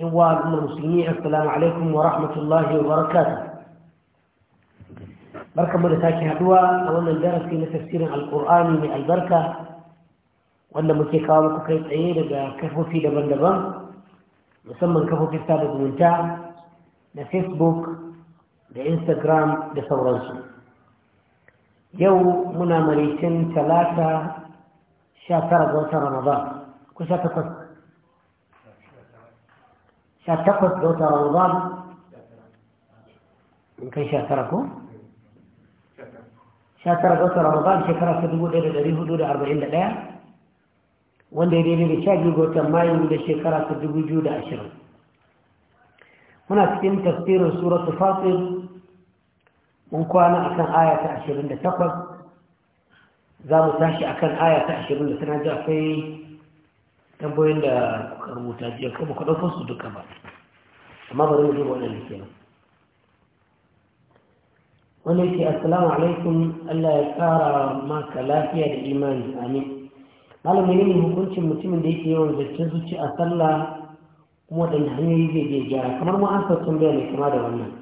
إخوة المسلمين السلام عليكم ورحمة الله وبركاته بركة مرتاكي هدوى أولا درسي mai القرآن من البركة وأن متكاومك كيف عيد كفو في دبن دبن musamman kafofin sada zumunta da facebook da instagram da sauransu yau muna maricin talata sha tara ga watan sha takwas da wata ramadan in kai sha tara ko? sha shekara ta dubu ɗaya da ɗari hudu da arba'in da ɗaya wanda ya daidai da sha biyu ga mayu da shekara ta dubu biyu da ashirin muna cikin tafsirin suratul fatir mun kwana akan aya ta ashirin da takwas za mu tashi akan aya ta ashirin da tana ji tambayoyin da kuka rubuta jiya ko ba ku ɗaukar su duka ba amma bari mu duba wannan ke wani yake assalamu alaikum Allah ya tsara maka lafiya da imani amin malamin ne hukuncin mutumin da yake yawan zaccen zuci a sallah kuma da hanyoyi zai je gyara kamar mu an sassan bayan mai kama da wannan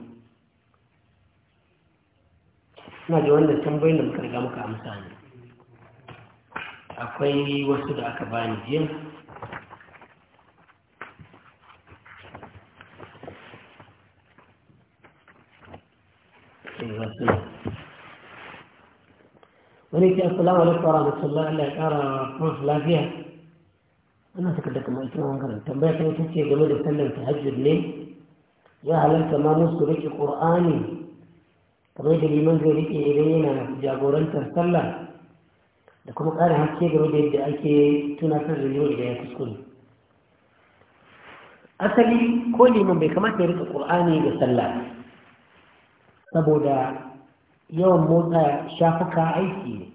ina da wannan tambayin da muka riga muka amsa ne akwai wasu da aka bani jiya alaihi wasallam wani ke assalamu alaikum wa rahmatullahi Allah ya kara musu lafiya ana saka da kamar ita wannan tambaya ta ita ce game da sallar tahajjud ne ya halarta ma musu riƙe qur'ani kamar da liman zai rike idan yana jagorantar sallah da kuma ƙara haske game da yadda ake tunatar da yau da ya kuskure asali ko liman bai kamata ya rika ƙur'ani da sallah saboda yawan motsa shafuka aiki ne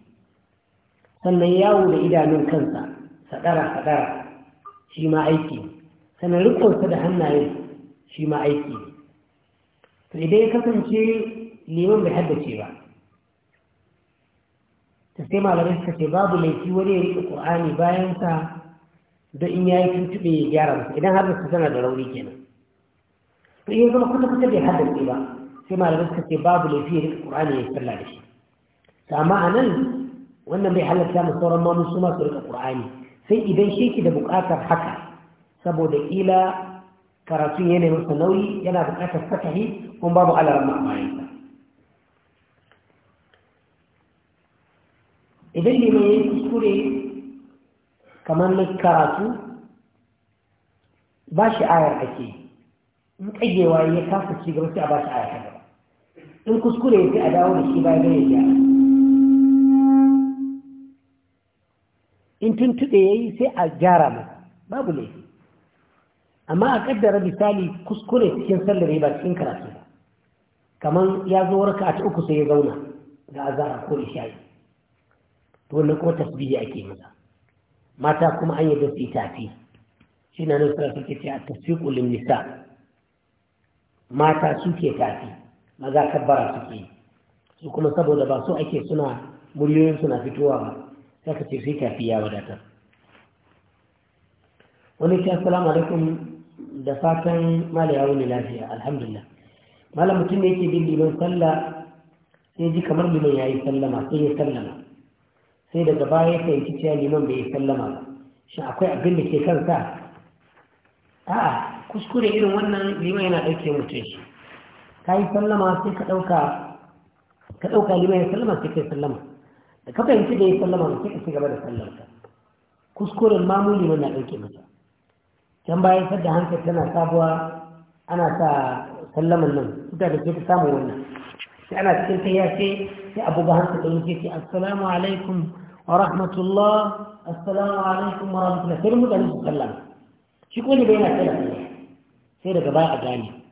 sannan yawo da idanun kansa sadara-sadara shi ma aiki ne sannan rikonsa da hannaye shi ma aiki ne to idan ya kasance neman bai haddace ba ta sai malamai suka ce babu laifi wani ya riƙe ƙur'ani bayansa don in ya yi tuntuɓe ya gyara masa idan har da tana da rauni kenan to iya zama kusa kusa bai haddace ba sai malamai suka ce babu laifi rika ƙur'ani ya sallah da shi ta amma anan wannan bai halatta mu sauran ma su ma su rika sai idan shi da buƙatar haka saboda ƙila karatun yana masa nauyi yana buƙatar fatahi kuma babu alarma a sa idan ne mai kuskure kamar na karatu ba shi ayar ake in ƙagewa ya kasa ci gaba sai a ba shi ayar ta gaba in kuskure sai a dawo da shi ba zai ya in tuntuɗe ya yi sai a gyara mai babu laifi amma a kaddara misali kuskure cikin sallar ba cikin karatu ba kamar ya zo warka a ta uku sai ya zauna ga azara ko isha'i to wannan kuma tasbihi ake masa. mata kuma an yi da fi tafi shi na nufin suke ce a tasfiƙulin nisa mata suke tafi maza kabbara suke su kuma saboda ba su ake suna muliyoyin suna fitowa ba sai ka ce sai kafi ya wadatar wani ce asalamu alaikum da fatan mala ya wuni lafiya alhamdulillah malam mutum ne yake bin liman sallah sai ji kamar liman ya yi sallama sai ya sallama sai daga baya ya fahimci cewa liman bai yi sallama ba shi akwai abin da ke kansa a'a kuskure irin wannan liman yana ɗauke mutum shi ka yi sallama sai ka ɗauka ka dauka lima ya sallama sai ka yi sallama da ka fahimci da ya sallama sai ka cigaba gaba da sallarka kuskuren mamu liman na dauke masa can bayan sadda hankali tana sabuwa ana sa sallaman nan suka da ke ta samun wannan sai ana cikin ta ya ce sai abu ba hanka da yake ce assalamu alaikum wa rahmatullah assalamu alaikum wa rahmatullah sai mutane su sallama shi ko ne bai na sallah sai daga baya a gane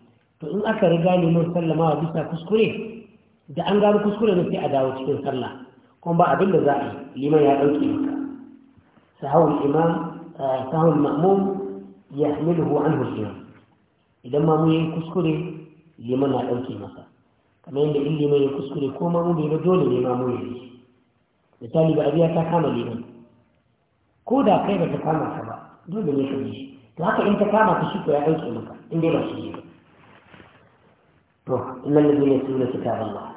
to in aka riga liman sallamawa bisa kuskure da an gano kuskure ne sai a dawo cikin sallah kuma ba abin da za a yi liman ya ɗauke maka sahawun imam eh, sahawun ma'mum ya hamiluhu an hujjiyar idan ma mu yi kuskure liman na ɗauke maka. kamar yadda in liman ya kuskure ko ma mu bai ba dole ne ma mu yi misali ba abiya ta kama liman ko da kai ba ta kama ka ba dole ne ka ji to haka in ta kama ka shi ko ya ɗauke maka in dai ba shi ne ba إلا الذين يتلون كتاب الله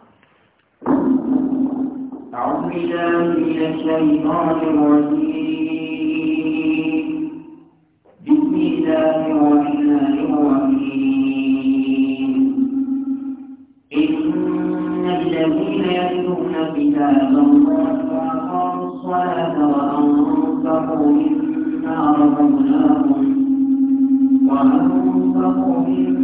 أعوذ بالله من الشيطان الرجيم بسم الله الرحمن الرحيم إن الذين يتلون كتاب الله وأقاموا الصلاة وأنفقوا مما رزقناهم وأنفقوا مما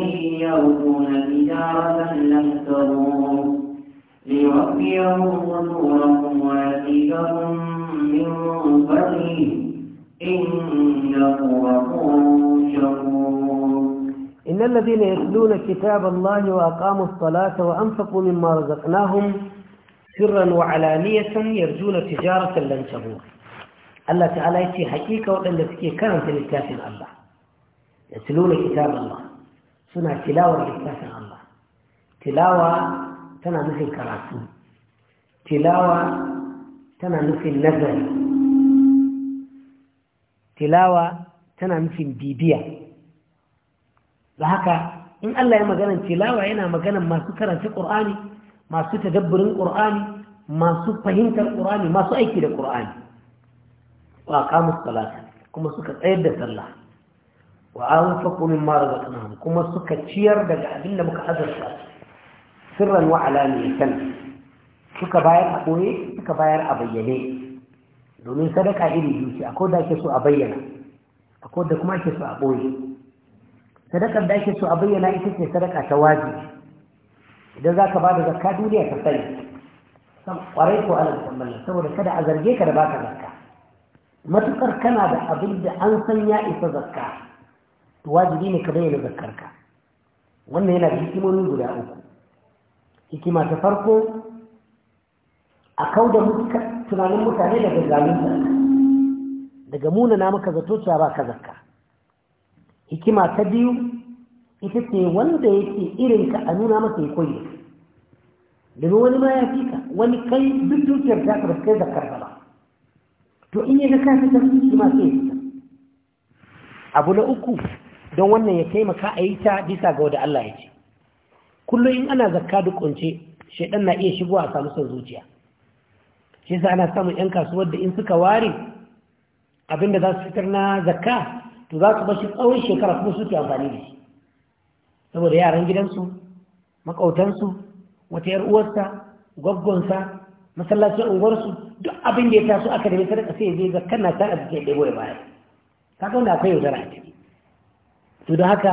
يرجون تجارة لم ويزيدهم من فضله إنه غفور شكور إن الذين يتلون كتاب الله وأقاموا الصلاة وأنفقوا مما رزقناهم سرا وعلانية يرجون تجارة لن تبور الله تعالى يتي حقيقة وأن تكي كانت للكافر الله يتلون كتاب الله suna tilawar littafin Allah tilawa tana nufin karatu tilawa tana nufin nazari tilawa tana nufin bibiya da haka in Allah ya magana tilawa yana magana masu karanta ƙur'ani masu tadabburin ƙur'ani masu fahimtar ƙur'ani masu aiki da ƙur'ani wa kamus salata kuma suka tsayar da sallah wa an faƙo min mara da tunan kuma suka ciyar daga abin da muka azarta sirran wa alaniyatan suka bayar a ɓoye suka bayar a bayyane domin sadaka iri biyu ce akwai da ake so a bayyana akwai da kuma ake so a ɓoye sadakar da ake so a bayyana ita ce sadaka ta waje. idan za ka ba da zakka duniya ka sani kwarai ko ala musamman saboda kada a zarge ka da baka zakka matukar kana da abin da an san ya isa zakka to wajibi ne ka bayyana zakarka wannan yana da hikimomi guda uku hikima ta farko a kau da tunanin mutane daga zarka daga na maka zato cewa ba ka zakka hikima ta biyu ita ce wanda yake ka a nuna masa ya koyi daga wani ma ya fika wani kai duk dukiyar ta ka kai zakkar ba to in ya ga ka ta shi ma sai abu na uku don wannan ya taimaka a yi ta bisa ga wanda Allah ya ce kullum in ana zakka duk kunce shaidan na iya shigo a samu son zuciya shi sa ana samun yan kasuwar da in suka ware abinda za su fitar na zakka to za su bashi tsawon shekara kuma su suke amfani da shi saboda yaran gidansu makautansu wata yar uwarsa gwaggonsa masallacin unguwarsu duk abin da ya taso aka da mai sadaka sai ya je zakkan na tana a ke ɗebo ya baya kaga wanda akwai yaudara a ciki to da haka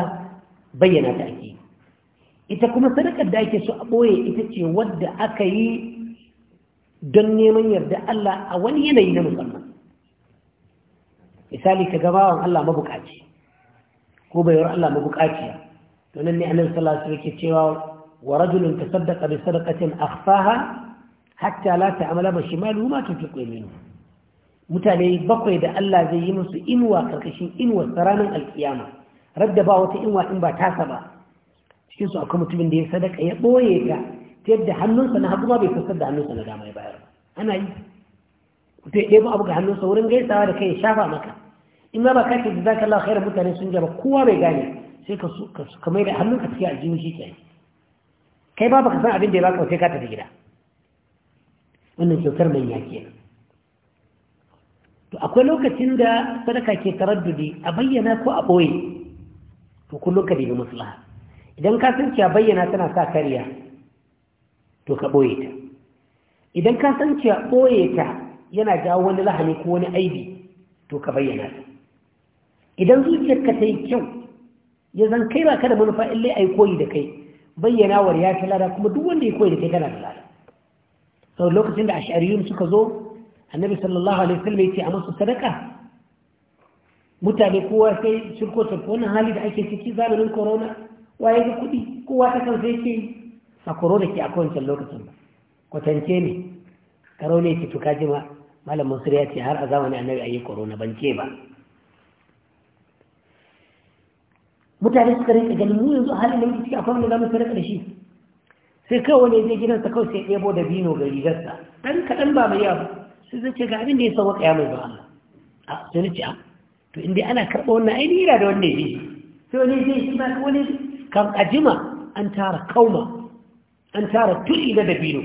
bayyana ta ake ita kuma sadakar da ake so a ɓoye ita ce wadda aka yi don neman yarda Allah a wani yanayi na musamman misali ka gabawan Allah mabukaci ko bayar Allah mabukaciya to nan ne a nan alaihi yake cewa wa rajulun tasaddaqa bi sadaqatin akhfaha hatta la ta'mala bi shimalu ma tunfiqu yaminu mutane bakwai da Allah zai yi musu inuwa karkashin inuwa ranar alkiyama radda ba wata inwa in ba tasa ba cikin su akwai mutumin da ya sadaka ya boye ta ta yadda hannunsa na hagu ma bai fuskar da hannunsa na dama ya bayar ba ana yi mutum ya ɗebo abu ga hannunsa wurin gaisawa da kai ya shafa maka in ma ba ka ce zaka Allah khairar mutane sun jaba kowa bai gane sai ka ka mai da hannunka cikin aljihu shi ke kai ba ka san abin da ya baka sai ka tafi gida wannan kyautar mai ya ke. to akwai lokacin da sadaka ke taraddudi a bayyana ko a ɓoye to kullum ka nemi maslaha idan ka san cewa bayyana tana sa kariya to ka ɓoye ta idan ka san cewa ɓoye ta yana jawo wani lahani ko wani aibi to ka bayyana ta idan ka ta yi kyau ya zan kai ba ka da manufa illai a yi koyi da kai bayyanawar ya fi lada kuma duk wanda ya koyi da kai kana da lada sau lokacin da ash'ariyun suka zo annabi sallallahu alaihi wasallam ya ce a musu sadaka mutane kowa sai shirko tafi wannan hali da ake ciki zamanin corona waye ga kuɗi kowa ta kan sai ke a corona ke a kowancan lokacin ba kwatance ne karo ne ki tuka jima malam mansur ya ce har a zamani annabi ayi corona ban ce ba mutane suka rinka ganin mu yanzu halin da muke ciki akwai wanda za mu sarrafa da sai kawai wani zai gidansa kawai sai ɗebo da bino ga rigarsa ɗan kaɗan ba mai yawa sai zai ce ga abin da ya sauwa ƙaya mai ba Allah a sai ce a to inda ana karɓa wannan aini yana da wanda ya yi sai wani zai shi ba wani kan ajima an tara kauma an tara turi na dabino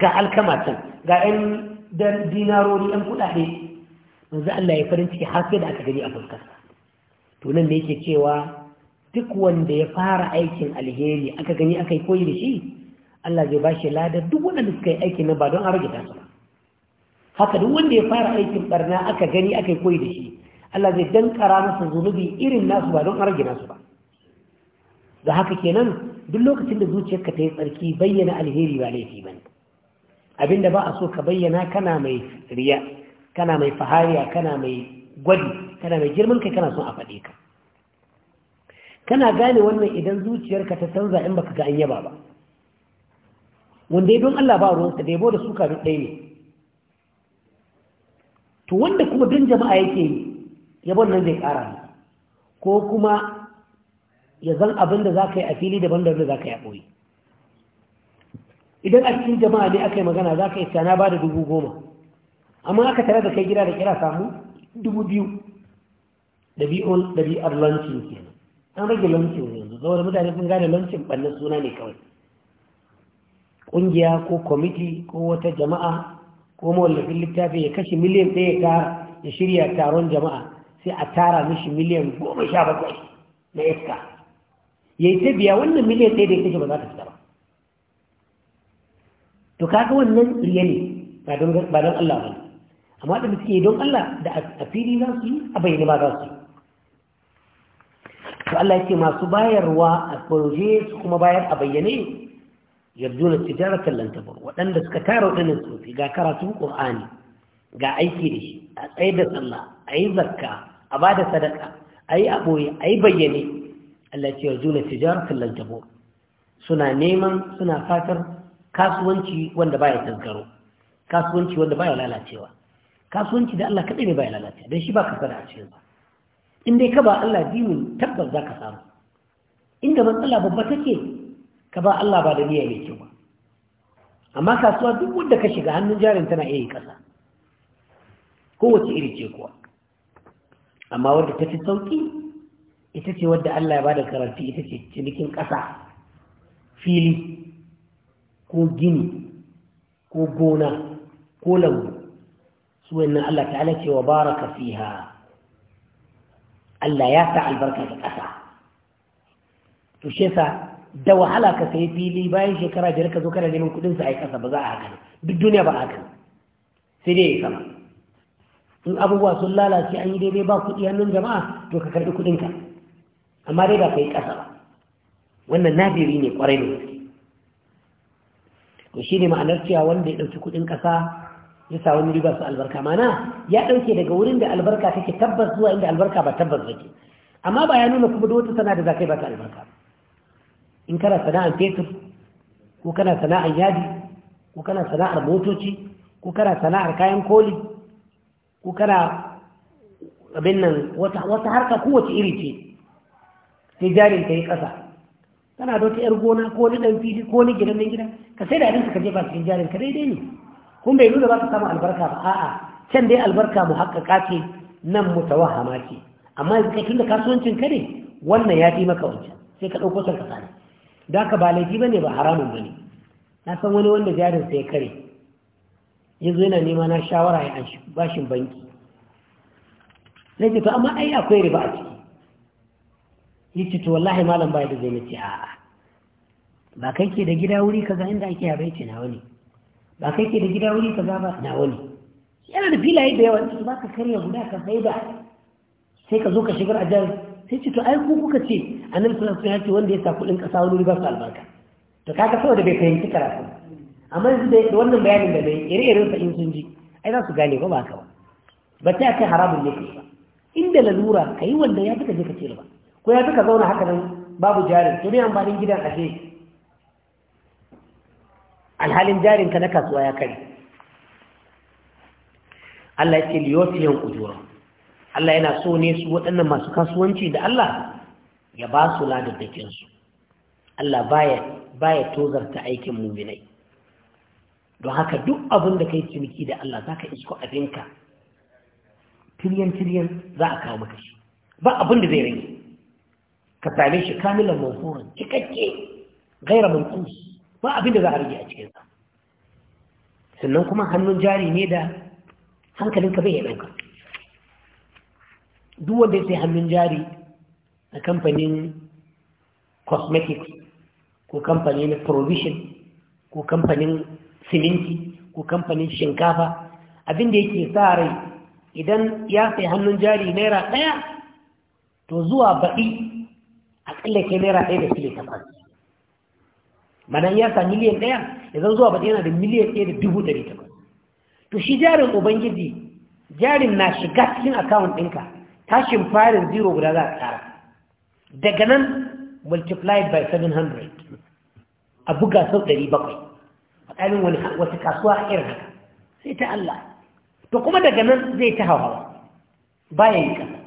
ga alkamatan, ga 'yan dan dinarori ɗan kuɗaɗe manzo Allah ya farin ciki har sai da aka gani a fuskarsa to nan ne yake cewa duk wanda ya fara aikin alheri aka gani aka yi koyi da shi Allah zai bashi lada duk wanda suka yi aikin nan ba don a rage tasa haka duk wanda ya fara aikin barna aka gani aka yi koyi da shi Allah zai dankara masa zunubi irin nasu ba don rage nasu ba da haka kenan duk lokacin da zuciyarka ta yi tsarki bayyana alheri ba laifi ba abinda ba a so ka bayyana kana mai riya kana mai fahariya kana mai gwadi kana mai girman kai kana son a faɗi ka kana gane wannan idan zuciyarka ta canza in baka ga an yaba ba wanda ya don Allah ba ruwansa da yabo da suka duk ɗaya ne to wanda kuma don jama'a yake yi yabon nan zai kara ko kuma ya zan abin da za ka yi a fili daban da za ka yi a ɓoye idan a cikin jama'a ne aka yi magana za ka yi sana ba da dubu goma amma aka tare da kai gida da kira samu dubu biyu da biyu da biyar lancin kenan an rage lancin yanzu saboda mutane sun gane lancin ɓannan suna ne kawai ƙungiya ko kwamiti ko wata jama'a ko mawallafin littafi ya kashe miliyan ɗaya ta ya shirya taron jama'a sai a tara mishi miliyan goma sha bakwai na iska ya yi ta biya wannan miliyan ɗaya da ya kashe ba za ta fita ba to kaga wannan riya ne ba don Allah ba amma da suke don Allah da a fili za su yi a bayyana ba za su yi to Allah yake masu bayarwa a proje su kuma bayar a bayyane yarju na tijaratan tabar waɗanda suka tara waɗannan tsofi ga karatun ƙur'ani ga aiki da shi a tsaye da tsalla, a yi zakka a ba da sadaka a yi aboye a yi bayyane Allah ce wa juna tijar kallon jabo suna neman suna fatar kasuwanci wanda baya tazgaro kasuwanci wanda baya lalacewa kasuwanci da Allah kaɗai ne baya lalacewa don shi ba ka sada a cikin ba in dai ka ba Allah dinin tabbas za ka samu inda matsala babba take ka ba Allah ba da niyya mai kyau ba amma kasuwa duk wanda ka shiga hannun jarin tana iya yi ƙasa kowace iri ce kuwa amma wadda ta fi sauƙi ita ce wadda Allah ya ba da karanti ita ce cinikin ƙasa fili ko gini ko gona ko lambu su wannan Allah ta'ala ce wa baraka fiha Allah ya sa albarka ga ƙasa to shi yasa da wahala ka sayi fili bayan shekara biyar ka zo kana neman kuɗin sa a ƙasa ba za a haka duk duniya ba haka sai dai ya sama in abubuwa sun lalace an yi daidai ba kuɗi hannun jama'a to ka karɓi kuɗinka amma dai ba ka yi ƙasa ba wannan nafiri ne ƙwarai da wuce to shi ne ma'anar cewa wanda ya ɗauki kuɗin ƙasa ya sa wani riba su albarka mana ya ɗauke daga wurin da albarka take tabbas zuwa inda albarka ba tabbas ke. amma ba ya nuna kuma da wata sana'a da za ka yi ba ta albarka in kana sana'ar fetur ko kana sana'ar yadi ko kana sana'ar motoci ko kana sana'ar kayan koli ko kana abin nan wata harka kowace iri ce sai jarin ta yi ƙasa kana da wata ‘yar gona ko ni ɗan fili ko ni gidan nan gida ka sai da abin ka jefa cikin jarin ka daidai ne kun bai nuna ba ka samu albarka ba a'a can dai albarka mu haƙaƙa ce nan mu tawahama ce amma yanzu kai tunda kasuwancin ka ne wannan ya fi maka wancan sai ka ɗauko son sani da ka ba laifi ba ne ba haramun ba ne na san wani wanda jarin sai ya kare yanzu yana nema na shawara ya an bashin banki Zai ce to amma ai akwai riba a ciki yi ce to wallahi malam baya da zai na ce a'a ba kai ke da gida wuri kaza inda ake yabai ce na wani ba kai ke da gida wuri kaza ba na wani yana da filaye da yawa su ba ka karya guda ka sai da sai ka zo ka shigar a jar sai ce to ai ku kuka ce a nan sun ya ce wanda ya sa kuɗin ƙasa wani riba su albarka to kaga saboda bai fahimci karatu amma yanzu da wannan bayanin da bai ire-iren sa in sun ji ai za su gane ba ba ka ba ba ta kai haramun ne ba inda lalura ka yi wanda ya fi ka je ka ce ba ko ya fi zauna haka nan babu jarin to ne amfanin gidan ce alhalin jarin ka na kasuwa ya kare Allah ya ce liyofiyan ujura Allah yana so ne su waɗannan masu kasuwanci da Allah ya ba su ladaddakin su Allah baya baya tozarta aikin muminai don haka duk abin da yi ciniki da Allah za ka isko abinka Tiryan-tiryan za a kawo maka shi ba abin da zai rage ka same shi kamilan mansurin cikakke gaira mansus ba abin da za a rage a cikinsa sannan kuma hannun jari ne da ka bai ya duk wanda ya sai hannun jari a kamfanin cosmetics ko kamfanin provision ko kamfanin siminti ko kamfanin shinkafa abin da yake sa rai idan ya sai hannun jari naira ɗaya to zuwa baɗi aƙalla ke naira ɗaya da fili takwas manan ya sa miliyan ɗaya idan zuwa baɗi yana da miliyan ɗaya da dubu ɗari takwas to shi jarin ubangiji jarin na shiga cikin akawun ɗinka tashin farin zero guda za a tsara daga nan multiplied by 700 a buga sau 700 faɗamin wani wata kasuwa irin haka sai ta Allah to kuma daga nan zai ta hawa bayan yi ƙasa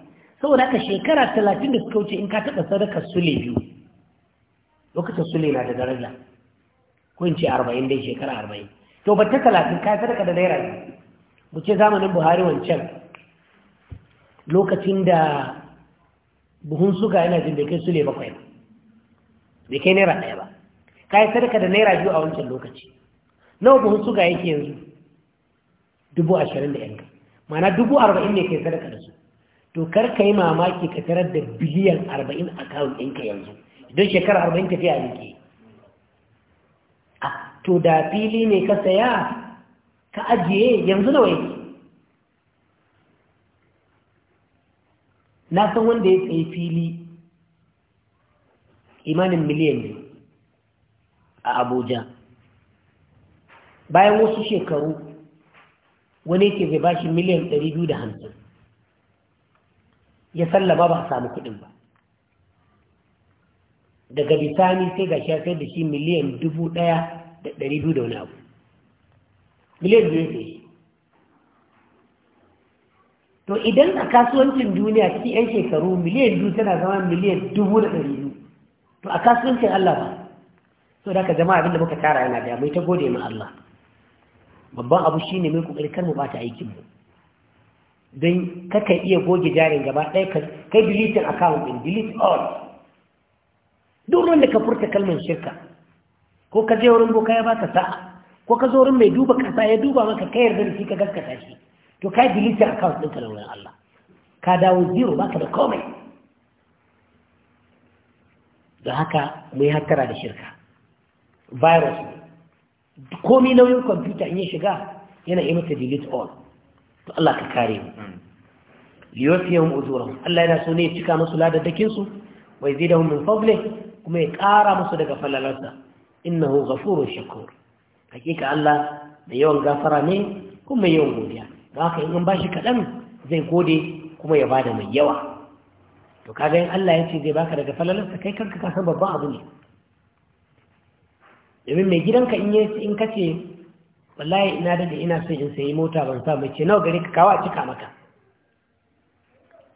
saboda haka shekara talatin da suka wuce in ka taɓa sadaka sule biyu lokacin sule na da daraja ko in ce arba'in dai shekara arba'in to ba ta talatin ka sadaka da naira biyu mu ce zamanin buhari wancan lokacin da buhun suga yana jin bai kai sule bakwai ba bai kai naira ɗaya ba ka yi sadaka da naira biyu a wancan lokaci nawa buhun suga yake yanzu dubu ashirin da yanka mana dubu arba'in ne kai sadaka da su to kar ka yi mamaki ka tarar da biliyan arba'in a kawun ɗinka yanzu don shekara arba'in tafiya a yanki. Ah, to da fili ne ka saya ka ajiye yanzu nawa yake na san wanda ya tsaye fili imanin miliyan ne a abuja bayan wasu shekaru wani ke zai bashi miliyan 250 ya sallama ba a samu kuɗin ba daga bisani sai ga shi sai da shi miliyan 1,200 da wani abu miliyan biyu sai shi to idan a kasuwancin duniya cikin 'yan shekaru miliyan biyu tana zama miliyan biyu, to a kasuwancin Allah ba so da ka zama abinda muka tara yana da mai ta gode ma Allah babban abu shi ne mai kokari kar mu bata aikin mu don kaka iya goge jarin gaba ɗaya kai deleting account din delete all duk wanda ka furta kalmar shirka ko ka je wurin boka ya ba ka sa'a ko ka zo wurin mai duba kasa ya duba maka kai yarda da shi ka gaskata shi to kai delete account ɗinka da wurin Allah ka dawo zero ka da komai don haka mu yi hattara da shirka virus ne komi nauyin kwamfuta in ya shiga yana yi mata delete all to Allah ka kare mu liyofiyahum Allah yana so ne ya cika masu ladadakin su zai da min fable kuma ya kara masu daga falalarsa hu ghafurun shakur hakika Allah da yawan gafara ne kuma yawan godiya ka haka in ba bashi kaɗan zai gode kuma ya ba da mai yawa to kaga in Allah ya ce zai baka daga falalarsa kai kanka ka san babban abu ne domin mai gidanka in in ka ce wallahi ina da ina so in sayi mota ban sa mai ce nawa gari ka kawo a cika maka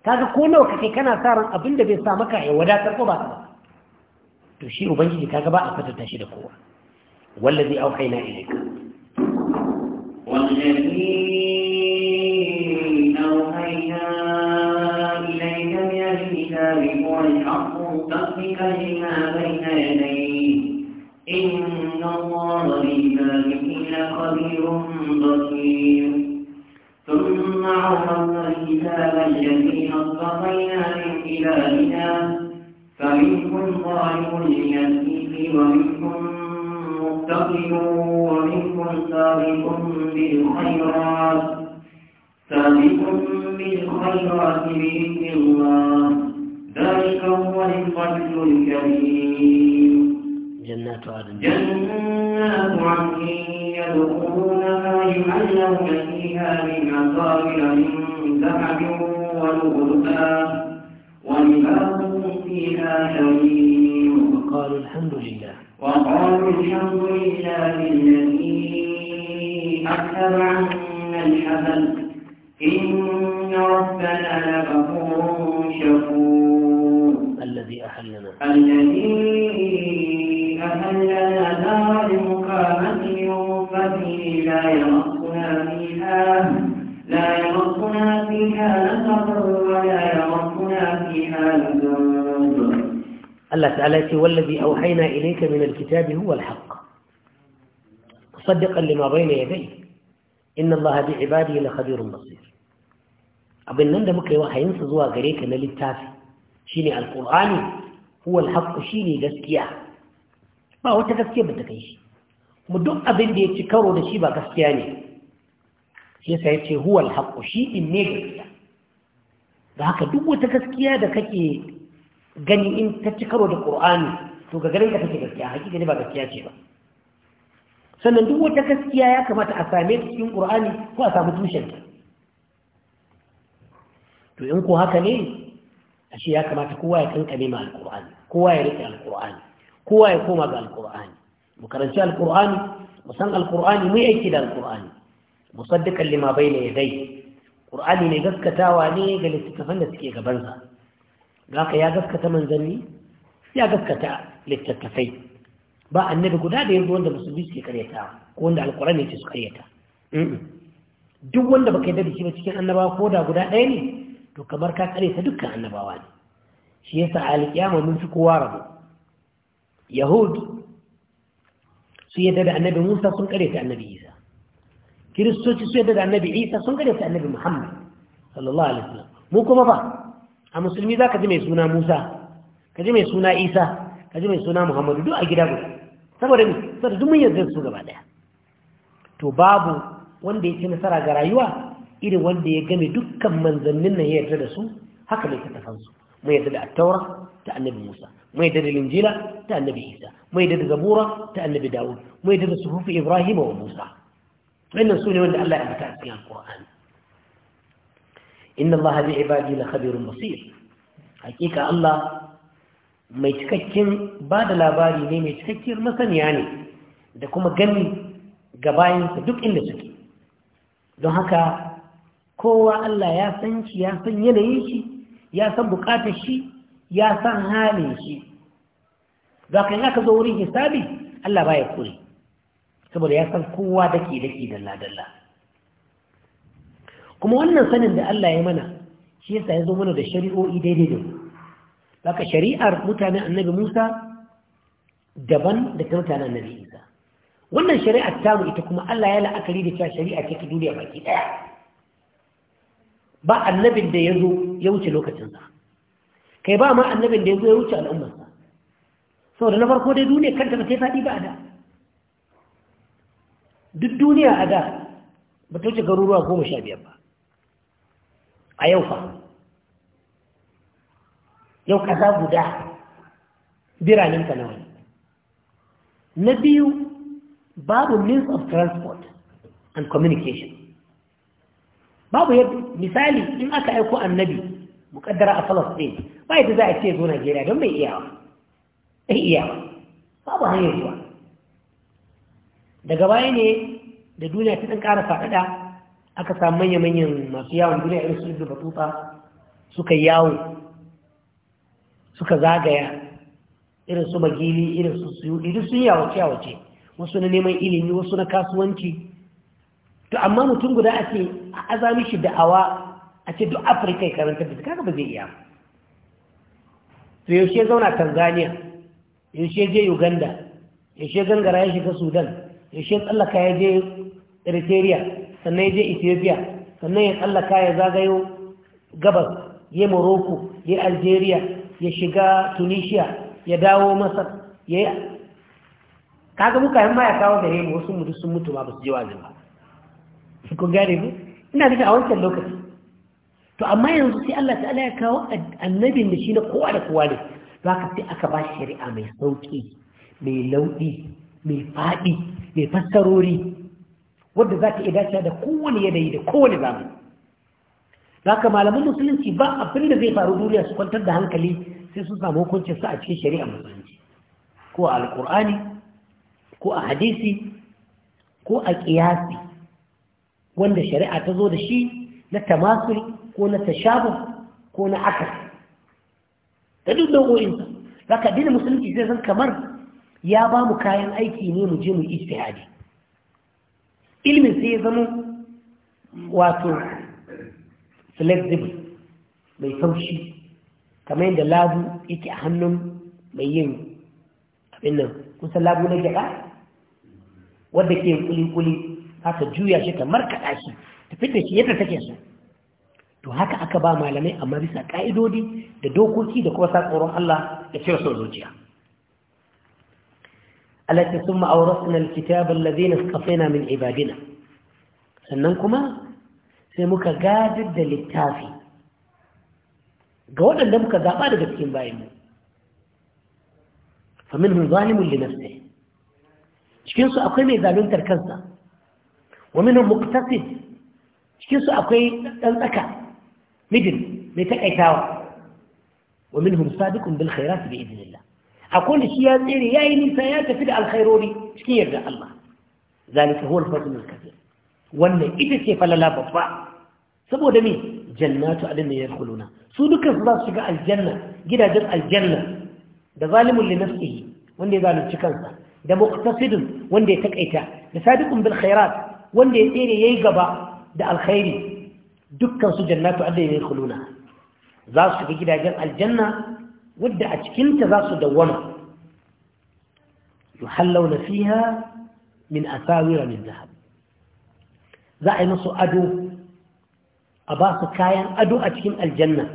kaga ko nawa kake kana sa ran abin da bai sa maka ya wadatar ko ba ka to shi ubangiji kaga ba a fatata shi da kowa wallazi auhayna ilayka والذي أوحينا إليك من خبير بصير ثم عرضنا الكتاب الذين اصطفينا من عبادنا فمنكم ظالم لنفسه ومنكم مقتصد ومنكم سابق بالخيرات سابق بالخيرات بإذن الله ذلك هو الفضل الكريم جنات عدن جنات عدن يدخلونها يحلون فيها من أساور من ذهب ولؤلؤا ولباسهم فيها كريم وقالوا الحمد لله وقالوا الحمد لله الذي أكثر عنا الحسن إن ربنا لغفور شكور الذي أحلنا الذي لا فيها لا يمسنا فيها نصب ولا يمسنا فيها لذنب الله تعالى والذي أوحينا إليك من الكتاب هو الحق مصدقا لما بين يديه إن الله بعباده لخبير بصير أبن نند مكي muka yi wahayinsa zuwa gare ka القرآن هو الحق alqur'ani huwa ما هو gaskiya ba mu duk abin da ya ci karo da shi ba gaskiya ne shi yasa ce huwal haqqu shi in ne gaskiya da haka duk wata gaskiya da kake gani in ta ci karo da qur'ani to ga ganin da kake gaskiya hakika ne ba gaskiya ce ba sannan duk wata gaskiya ya kamata a same ta cikin qur'ani ko a samu tushen ta to in ko haka ne ashe ya kamata kowa ya kankane ma alqur'ani kowa ya rike alqur'ani kowa ya koma ga alqur'ani mu karanci alkur'ani mu san alkur'ani mu aiki da alkur'ani musaddiqan lima bayna dai. Ƙur'ani ne gaskatawa ne ga littattafan da suke gabansa gaka ya gaskata manzanni ya gaskata littattafai ba annabi guda da yanzu wanda musulmi suke karyata ko wanda alkur'ani ce su karyata duk wanda baka yarda shi ba cikin annabawa ko da guda ɗaya ne to kamar ka karyata dukkan annabawa ne shi yasa alkiyama mun fi kowa rabu. yahud su yadda da annabi musa sun kare ta annabi isa kiristoci su yadda da annabi isa sun kare ta annabi muhammad sallallahu alaihi wasallam mu kuma ba a musulmi za ka ji mai suna musa ka ji mai suna isa ka ji mai suna muhammadu duk a gida guda saboda ne saboda duk mun yarda su gaba daya to babu wanda ya ci nasara ga rayuwa irin wanda ya game dukkan manzannin nan ya yarda da su haka ne ta tafansu mu yarda da attaura ta annabi musa mai da linjila ta annabi isa mai da zabura ta annabi dawud mai da suhufi ibrahim wa musa wannan sune wanda Allah ya ambata a cikin alqur'ani inna allaha bi ibadi la khabirun basir hakika Allah mai cikakken ba da labari ne mai cikakkiyar masaniya ne da kuma gani ga bayansa duk inda suke don haka kowa Allah ya san shi ya san yanayin shi ya san bukatar shi ya san halin shi za ka yi aka zo wurin hisabi Allah ba ya saboda ya san kowa dake dake dalla dalla kuma wannan sanin da Allah ya mana shi yasa ya zo mana da shari'o'i daidai da zaka shari'ar mutanen annabi Musa daban da ta mutanen annabi Isa wannan shari'ar tamu ita kuma Allah ya la'akari da cewa shari'a ce duniya baki ɗaya. ba annabin da ya zo ya wuce lokacinsa kai ba ma annabin da ya zuwa ya wuce al'ummarsa da na farko dai duniya kanta ba ta yi faɗi ba a da duk duniya a da ba ta wuce garuruwa goma sha biyar ba a yau fa yau kaza guda biranen ka nawa na biyu babu means of transport and communication babu yadda misali in aka aiko annabi muƙaddara a falastin ba yadda za a ce zo najeriya don mai iyawa bai iyawa babu hanyar zuwa daga baya ne da duniya ta ɗan ƙara faɗaɗa aka samu manya-manyan masu yawon duniya irin su ibn batuta suka yawo suka zagaya irin su magili irin su suyu irin sun yawace yawace wasu na neman ilimi wasu na kasuwanci to amma mutum guda ake a azami shi da'awa a ce duk afirka ya karanta da kaga ba zai iya to yaushe zauna tanzania yaushe je uganda yaushe gangara ya shiga sudan yaushe tsallaka ya je eritrea sannan ya je ethiopia sannan ya tsallaka ya zagayo gabas ya morocco ya algeria ya shiga tunisia ya dawo masar ya yi kaga muka yin ma ya kawo da yin wasu mutu sun mutu ba su je wajen ba ku gane mu ina nufin a wancan lokaci to amma yanzu sai Allah ta'ala ya kawo annabin da shi na kowa da kowa ne za ka sai aka ba shari'a mai sauƙi mai lauɗi mai faɗi mai fassarori wadda za ta iya da kowane yanayi da kowane zamani za ka malaman musulunci ba abin da zai faru duniya su kwantar da hankali sai su samu hukuncin su a cikin shari'a musulunci ko a alkur'ani ko a hadisi ko a ƙiyasi wanda shari'a ta zo da shi na tamasuri ko na tashabuh ko na akasi da duk dogoyinsa za zaka dina musulunci zai san kamar ya ba mu kayan aiki ne mu je mu istihadi ilmin sai ya zama wato flexible mai saushi kamar yadda labu yake a hannun mai yin abin nan kusa labu na gyaɗa wadda ke kuli-kuli haka juya shi kamar kaɗa shi tafi da shi yadda take so to haka aka ba malamai amma bisa ka'idodi da dokoki da kuma sakon Allah da cewa so zuciya allati thumma awrasna alkitaba alladhi nasqafina min ibadina sannan kuma sai muka gadar da littafi ga wadanda muka zaba daga cikin bayanmu fa minhum zalimun li nafsihi cikin su akwai mai zaluntar kansa wa minhum muqtasid cikin akwai dan tsaka mijin mai takaitawa wa minhum sadiqun bil khairat bi akwai da shi ya tsere yayi nisa ya tafi da alkhairori cikin yarda Allah zalika huwa al-fadl al-kabir wannan ita ce falala babba saboda me jannatu adin ne yadkhuluna su dukkan su za su shiga aljanna gidajen aljanna da zalimun li nafsihi wanda ya zalunci kansa da muqtasidun wanda ya takaita da sadiqun bil khairat wanda ya tsere yayi gaba da alkhairi Dukkansu jannatu adda ya kuluna, za su shiga gidajen aljanna wadda a cikinta za su dawwama na fiya min asawira min zahab za a yi musu ado a ba su kayan ado a cikin aljanna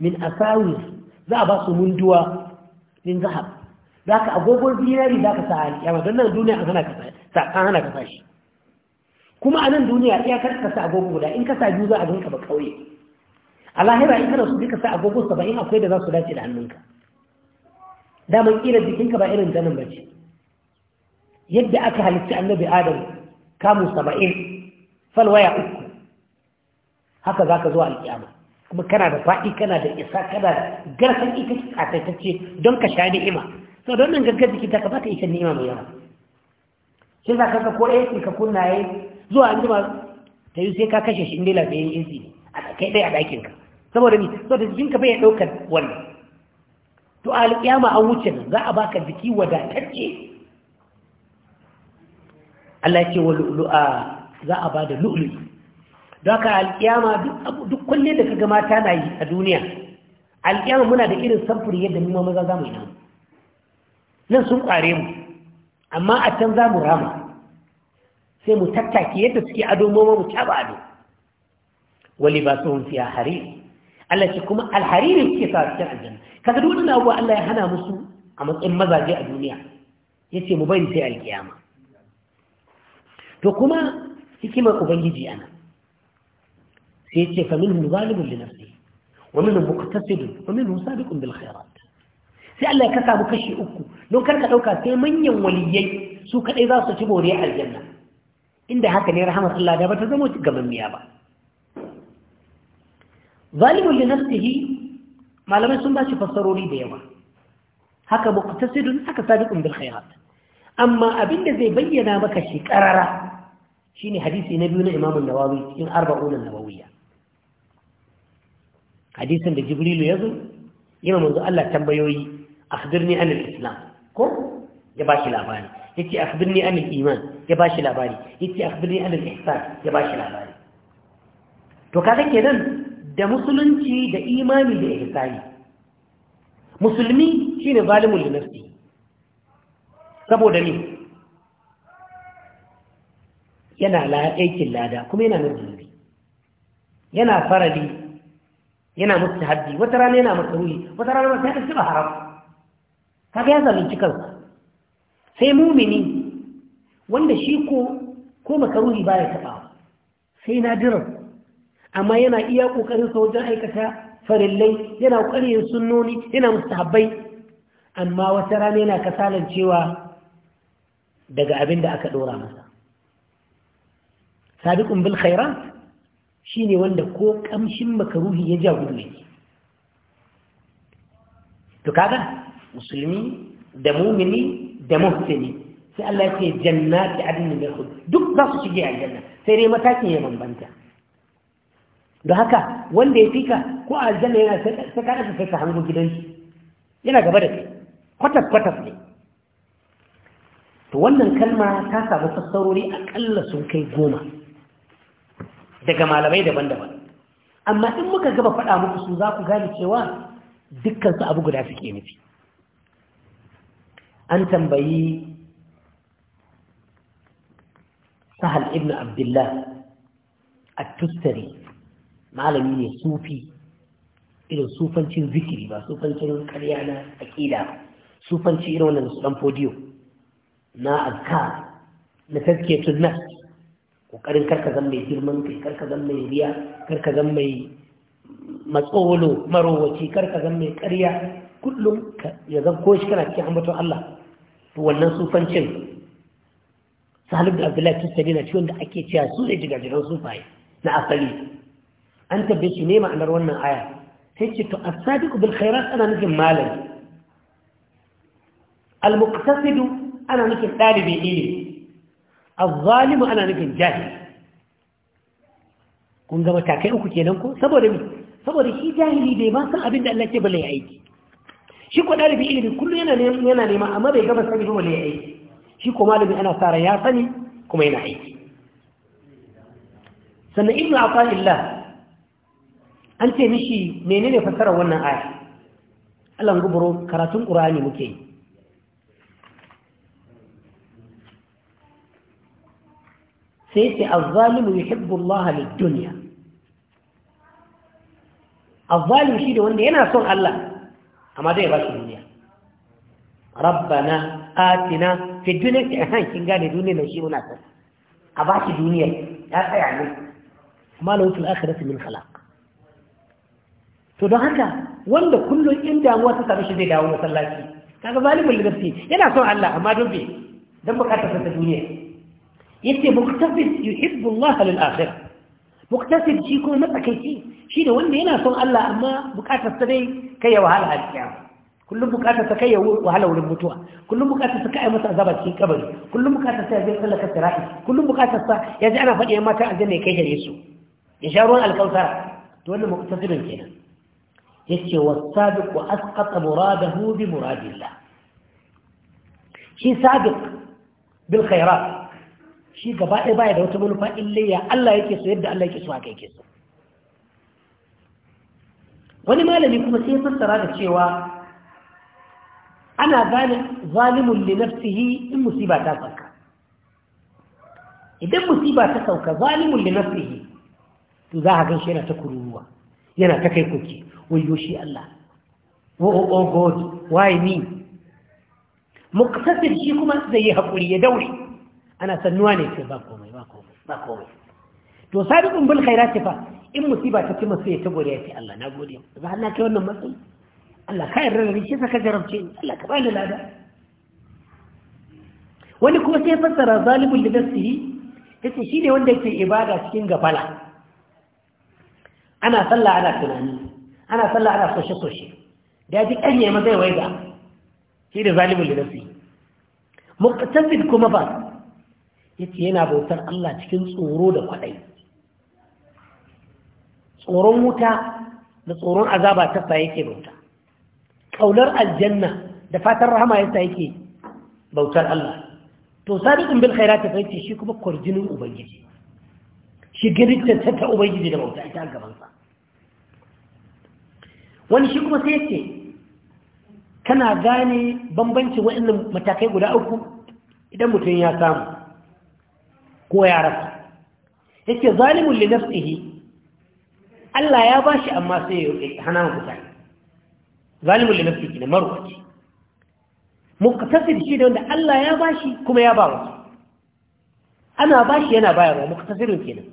min asawir za a ba su munduwa min zahab za ka agogon zinari za ka sa a yawa don nan duniya an hana ka sa shi kuma a nan duniya iyakar ka sa agogo guda in ka sa biyu za a ganka ba kauye a lahira in kana su duka sa agogo saba'in akwai da za su dace da hannunka daman ƙirar jikinka ba irin zanen ba ce yadda aka halitta annabi adam kamun saba'in falwaya uku haka za ka zo alƙiyama kuma kana da faɗi kana da isa kana da garsan ita ƙasaitacce don ka sha ni'ima sau don nan gaggar jiki ta ka ba ta isa ni'ima mai yawa sai za ka ko ɗaya ka kunna zuwa an jima ta yi sai ka kashe shi inda lafiya yin izi a kai ɗaya a ɗakinka saboda ni da jikinka bai ɗaukar wannan to a alƙiyama an wuce za a baka jiki wadatacce Allah ce wa lu'lu'a za a ba da lu'lu'i don haka alƙiyama duk kullum da kaga mata na yi a duniya alƙiyama muna da irin samfuri yadda mu maza za mu yi nan nan sun ƙware mu amma a can za mu rama sai mu tattake yadda suke ado mu mu taba ado wali ba sun fiya hariri Allah ce kuma alhariri suke sa cikin aljanna kaga duk wannan abuwa Allah ya hana musu a matsayin mazaje a duniya yace mu bari sai alkiyama to kuma hikimar ubangiji ana sai yace fa minhum zalimun li nafsihi wa minhum muqtasidun wa minhum sabiqun bil khairat sai Allah ya kasa mu kashi uku don karka dauka sai manyan waliyai su kadai za su ci bore aljanna إن ده هكذا رحمة الله جابه قبل قمم يابا ظالم لنفسه ما لم يسمى شفا صروري ديوا هكا مقتصد هكا صادق بالخيرات أما أبن زي بينا مكشي كررة شيني حديث نبينا الإمام النواوي إن أربعون النووية حديثا لجبريل يظل إمام منذ الله تنبيوي أخذرني عن الإسلام كو يباشي الأباني yace akhbirni anil iman ya bashi labari yace akhbirni anil ihsan ya bashi labari to kaga kenan da musulunci da imani da ihsani musulmi shine zalimul linafsi saboda ni yana la aikin lada kuma yana nan zunubi yana farali yana mustahabbi wata rana yana makruhi wata rana ma sai ka ci haram kaga ya zalunci kansa sai mumini wanda shi ko ko makaruhi baya taba sai nadiran amma yana iya kokarin sa wajen aikata farillai yana kokarin sunnoni yana mustahabbai amma wata rana yana kasalancewa daga abinda aka dora masa sabiqun bil khairat shine wanda ko kamshin makaruhi ya ja gudu to kaga musulmi da mumini da muhsini sai Allah ya ce jannati adnin mai hudu. duk za su shige janna sai dai matakin ya bambanta da haka wanda ya fika ko janna yana saka da sai ka gidansu yana gaba da kai kwatas kwatas ne to wannan kalma ta samu fassarori akalla sun kai goma daga malamai daban-daban amma in muka gaba faɗa muku su za ku gane cewa dukkan su abu guda suke nufi an tambayi sahal ibn abdullah a tustari malami ne sufi irin sufancin zikiri ba sufancin karya na aƙida sufanci irin wannan su dan fodiyo na azkar na tazkiyatun nas kokarin karka zan mai girman kai karka zan mai riya karka zan mai matsolo marowaci karka zan mai karya, kullum ya zan ko shi kana cikin ambaton Allah to wannan sufancin salim da abdullahi tustari na ciwon da ake cewa su ne jigajigan sufaye na asali an tabbe shi ne ma'anar wannan aya sai ce to a asadiku bil khairat ana nufin Malam, al-muqtasidu ana nufin dalibin ilimi az-zalimu ana nufin jahil kun ga matakai uku kenan ko saboda saboda shi jahili bai ma san abin da Allah ke bala ya aiki shi ko ɗalibi ilimi kullum yana nema amma bai gaba sani ba ne ya aiki shi ko malami ana tsara ya sani kuma yana aiki sannan ibnu Illa an ce mishi menene fasara wannan aya Allah guburo karatun Qur'ani muke yi sai ce azzalimu yuhibbu Allah lid-dunya azzalim shi da wanda yana son Allah amma zai ba shi duniya rabbana atina fi duniya ki an kin gane duniya na shi muna ta a ba shi duniya ya tsaya ne amma lahu fil akhirati min khalaq to don haka wanda kullum in damuwa ta same shi zai dawo masallaci kaga zalimin lidafsi yana son Allah amma don bai dan bukatar ta duniya yace muktafi yuhibbu Allah lil akhirah muktasir shi kuma matsakaici shi da wanda yana son Allah amma bukatar sa dai kai ya wahala a kiyama kullum bukatar sa kai ya wahala wurin mutuwa kullum bukatar sa kai masa azaba cikin kabari kullum bukatar sa ya je tsallaka sirai kullum bukatar sa ya ji ana faɗi ya mata aljanna ya kai gare su ya sha ruwan alkausar to wannan muktasirin kenan yace wasabiq wa asqata muradahu bi muradillah shi sabiq bil khairat shi gaba ɗaya baya da wata manufa illa ya Allah yake so yadda Allah yake so haka yake so wani malami kuma sai fassara da cewa ana gane zalimun li nafsihi in musiba ta sauka idan musiba ta sauka zalimun li nafsihi to za a ganshi yana ta kururuwa yana ta kai koki wayo shi Allah oh o oh, oh, god why me muktasir shi kuma zai yi hakuri ya daure ana sannuwa ne ce ba komai ba komai ba komai to sabiqun bil ce fa in musiba ta ci masu ya ta gode ya ce Allah na gode ba na kai wannan matsayi Allah ka yarda da ni shi saka jarabce ni Allah ka bani lada wani kuma sai fassara zalibul li nafsihi yace shi ne wanda yake ibada cikin gafala ana sallah ana tunani ana sallah ana soshe soshe da ji kanye ma zai waiga shi da zalibul li nafsihi muqtasid kuma ba yace yana bautar Allah cikin tsoro da kwaɗayi tsoron wuta da tsoron azaba ta sa yake bauta ƙaunar aljanna da fatan rahama ya sa yake bautar Allah to sadiqun bil khairati fa yace shi kuma kwarjinin ubangiji shi girin ta ta ubangiji da bauta ita gabansa wani shi kuma sai yake kana gane bambancin waɗannan matakai guda uku idan mutum ya samu ko ya rasa yake zalimun li nafsihi Allah ya bashi amma sai ya hana mu Zalimin zalimun li nafsihi ne marwaci muktasir shi da wanda Allah ya bashi kuma ya ba wasu ana bashi yana bayarwa muktasirin kenan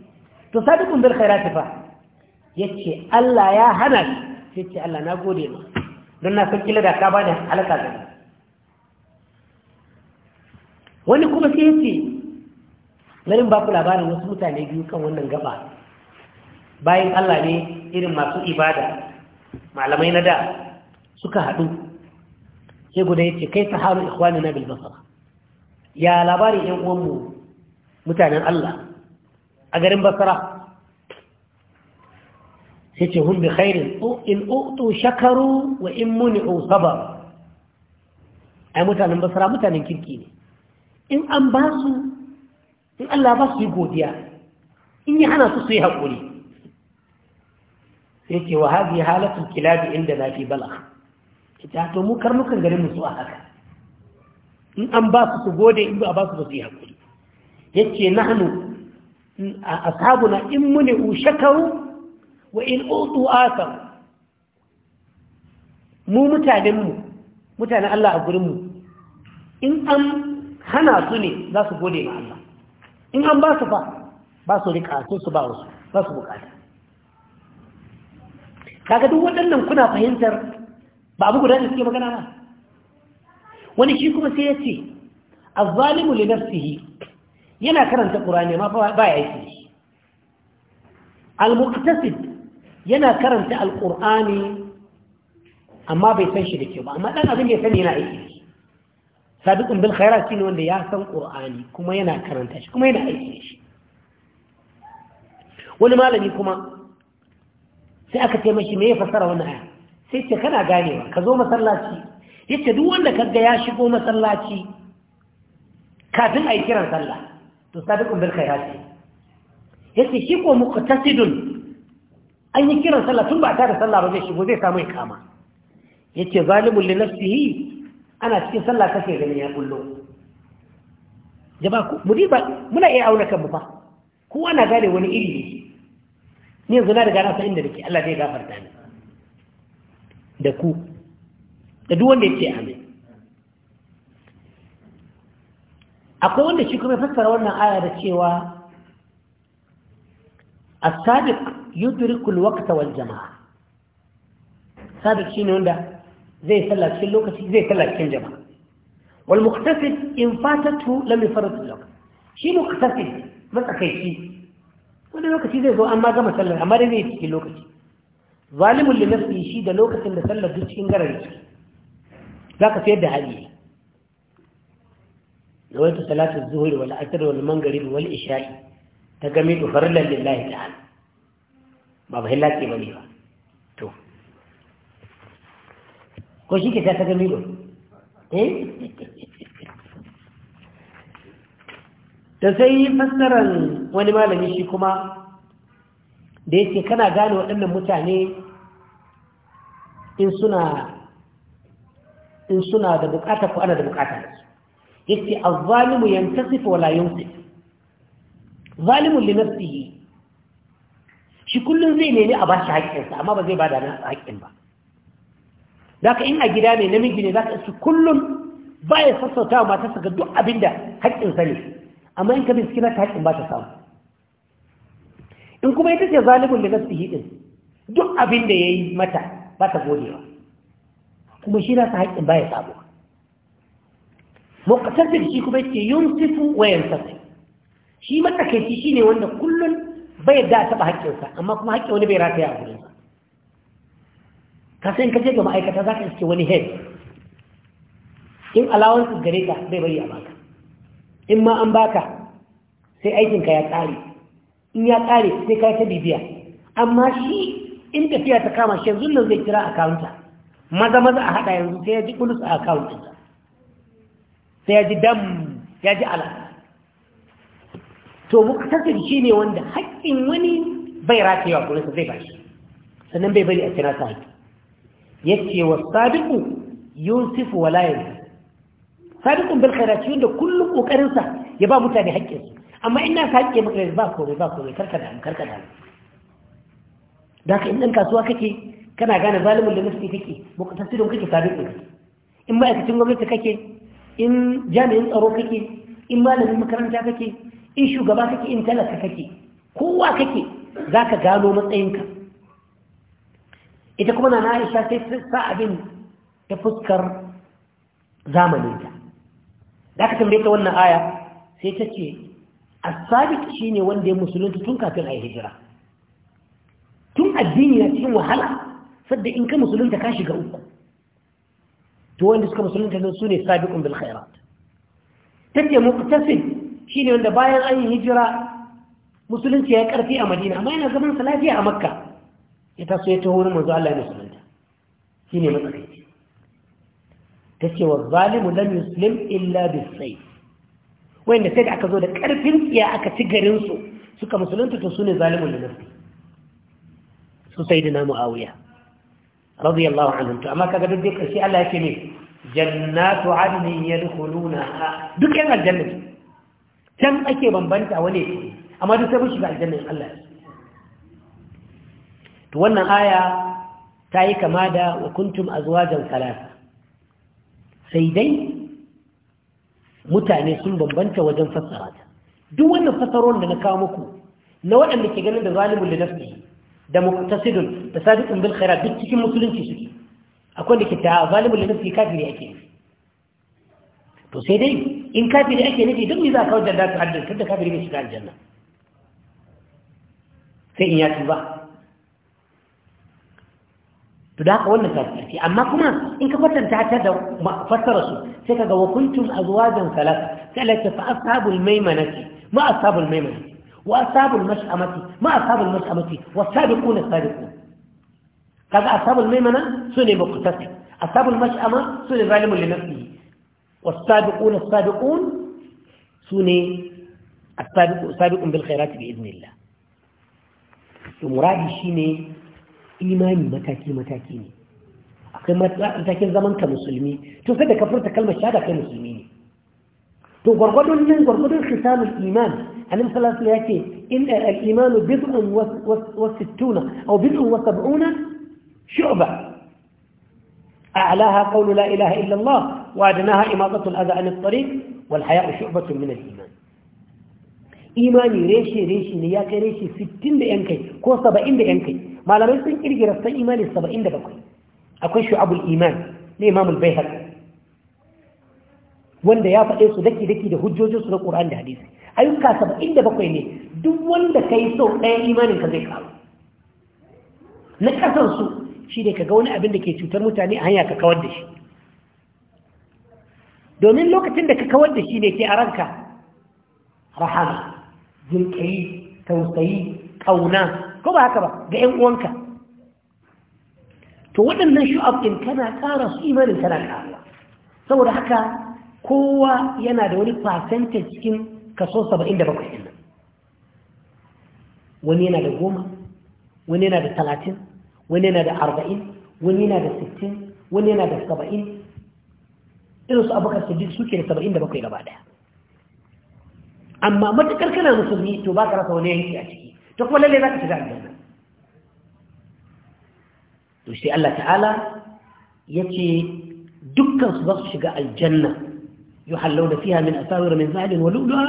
to sadiqun bil khairati fa yace Allah ya hana shi yace Allah na gode ma don na san kila da ka bani halaka da wani kuma sai yace narin ba ku labarin wasu mutane biyu kan wannan gaba bayan Allah ne irin masu ibada malamai na da suka haɗu sai guda ya ce kai saharu ikwani na bilbasa ya labarin yan uwanmu mutanen Allah a garin basara sai ce hun bi khairin in utu shakaru wa in muni'u sabar ai mutanen basara mutanen kirki ne in an ba su in Allah ba su yi godiya in yi hana su su yi haƙuri sai ke wa haɗi halatun kilabi inda na fi bala ita to mu karnukan garin su a haka in an ba su su gode in ba su ba su yi haƙuri ya ce na hannu a sabuna in muni u shakaru wa in otu asar mu mutanenmu mutanen Allah a gurinmu in an hana su ne za su gode ma Allah in an ba su fa ba su rika su ba wasu ba su bukata kaga duk waɗannan kuna fahimtar ba abu guda da suke magana ba wani shi kuma sai ya ce a zalimu li nafsihi yana karanta qur'ani ma ba ya yi al-muqtasid yana karanta al ƙurani amma bai san shi da kyau ba amma ɗan abin da ya sani yana aiki sabiqun bil khairat shine wanda ya san qur'ani kuma yana karanta shi kuma yana aiki shi wani malami kuma sai aka ce mashi me ya fasara wannan aya sai ce kana ganewa ka zo masallaci yace duk wanda kaga ya shigo masallaci kafin ayi kiran sallah to sabiqun bil shi yace shi ko muqtasidun an yi kiran sallah tun ba ta da sallah ba zai shigo zai samu ikama yace zalimul li nafsihi ana cikin sallah kake gani ya kullo jama'a mu diba muna iya auna kanmu fa ko ana gane wani iri ne ni yanzu na riga na san inda nake Allah zai gafarta ni da ku da duk wanda yake amin akwai wanda shi kuma fassara wannan aya da cewa as-sabiq yudriku al-waqta wal jama'a sabiq shine wanda zai sallah cikin lokaci zai sallah cikin jama'a wal muktasid in fatatu lam yufarrid lak shi muktasid matsakaici wani lokaci zai zo an ma gama sallar amma dai zai cikin lokaci zalimun li nafsi shi da lokacin da sallar duk cikin garar ciki zaka sayar da hali wani صلاة الظهر والعصر والمغرب والعشاء تجميد فرلا لله تعالى ba هلاكي ba. Koshi shi ke ta ta ba. eh da sai fassarar wani malami shi kuma da yake kana gane waɗannan mutane in suna in suna da bukata ko ana da bukata da su yake azzalimu yantasifu wala yunsi zalimun li nafsihi shi kullun zai nemi a bashi haƙƙinsa amma ba zai bada na haƙƙin ba da ka in a gida mai namiji ne za ka su kullum ba ya sassauta wa matarsa ga duk abin da haƙƙinsa ne amma in ka biskina ta haƙƙin ba ta samu in kuma ita ce zalibin da nasu hidin duk abin da ya yi mata ba ta godewa kuma shi nasa haƙƙin ba ya samu da shi kuma ce yun sifu wayan sassai shi matsakaici shi ne wanda kullum bai da taɓa haƙƙinsa amma kuma haƙƙin wani bai rataya a gurinsa ka sai ka je ga ma'aikata za ka iske wani head in allowance gare ka bai bari a baka in ma an baka sai aikinka ya tsare in ya tsare sai ka ta bibiya amma shi in tafiya ta kama shi yanzu nan zai kira akawunta maza maza a haɗa yanzu sai ya ji kulus a akawuntinsa sai ya ji dam ya ji ala to muktasir shi ne wanda haƙƙin wani bai wa kulus zai ba shi sannan bai bari a kira ta haƙƙi wa wasabiqu yusuf wala yusuf sabiqun bil khairati wanda kullum kokarin sa ya ba mutane haƙƙin su amma ina sa haƙƙe maka ba ko ba ko karka da karka mu da ka in dan kasuwa kake kana gane zalimin da nafsi kake muqtasidun kake sabiqun in ma'aikacin gwamnati kake in jami'in tsaro kake in malamin makaranta kake in shugaba kake in talaka kake kowa kake zaka gano matsayinka ita kuma na Aisha sai sa abin ta fuskar zamaninta da aka tambaye ta wannan aya sai ta ce as-sabiq shine wanda ya musulunta tun kafin a yi hijira tun addini na cikin wahala sadda in ka musulunta ka shiga uku to wanda suka musulunta ne sune sabiqun bil khairat tace muqtasid shine wanda bayan an yi hijira musulunci ya karfi a Madina amma yana zaman sa lafiya a Makka ita so ya taho manzo Allah ya musulunta shine Ta ce wa zalimu lam yuslim illa bisayf wanda sai da aka zo da karfin tsiya aka ci garin su suka musulunta to sune zalimun nafsi su sayyidina muawiya radiyallahu anhu to amma kaga duk dai karshe Allah yake ne jannatu adnin yadkhulunaha duk yan aljanna can ake bambanta wani amma duk sai mun shiga aljanna Allah ya to wannan aya ta yi kama da wa kuntum azwajan salasa sai dai mutane sun bambanta wajen fassara ta duk wannan fassarorin da na kawo muku na waɗanda ke ganin da zalimin da nafsi da muqtasidun da sadiqun bil khairat duk cikin musulunci suke akwai da ke ta zalimin da nafsi kafiri ake to sai dai in kafiri ake nufi duk ne za a kawo janna ta aljanna tunda kafiri bai shiga aljanna sai in ya tuba to da haka wannan tafsiri amma kuma in ka kwatanta ta da fassara su sai kaga wa kuntum azwajan salat sai la ta fa ashabul maimanati ma ashabul maimanati wa ashabul mash'amati ma ashabul mash'amati wasabiquna sabiqun kaga ashabul maimana sune muqtasi ashabul mash'ama sune zalimun li nafsihi والسابقون السابقون سني السابق سابق بالخيرات بإذن الله to muradi shine imani mataki mataki ne akwai matakin zaman ka musulmi to sai da ka furta kalmar shahada kai musulmi ne to gwargwadon nan gwargwadon khisamul iman annabi sallallahu alaihi wasallam yake in al-iman bid'un wa sittuna aw bid'un wa sab'una shu'ba أعلاها قول لا إله إلا الله وأدناها إماطة الأذى عن الطريق والحياء شعبة من الإيمان imani reshe reshe ne ya kai reshe 60 da yan kai ko 70 da yan kai malamai sun kirgira san imani 77 akwai shu'abul iman ne imam al-baihaqi wanda ya faɗe su daki daki da hujjojin su na qur'ani da hadisi ayyuka 77 ne duk wanda kai so ɗaya imanin ka zai kawo na kasan su shi ne kaga wani abin da ke cutar mutane a hanya ka kawar da shi domin lokacin da ka kawar da shi ne ke a ranka rahama jinkayi tausayi ƙauna ko ba haka ba ga 'yan uwanka to waɗannan shu'abin kana ƙara su imanin tana ƙaruwa saboda haka kowa yana da wani percentage cikin kaso 77 ɗin nan wani yana da goma wani yana da talatin wani yana da arba'in wani yana da sittin wani yana da saba'in irin su abokan sadiq suke da saba'in da bakwai gaba ɗaya amma matukar kana musulmi to ba ka rasa wani yanki a ciki to kuma lalle za ka shiga aljanna to sai Allah ta'ala ya ce dukkan su za su shiga aljanna yuhallawna fiha min asawir min zahabin wa lu'lu'a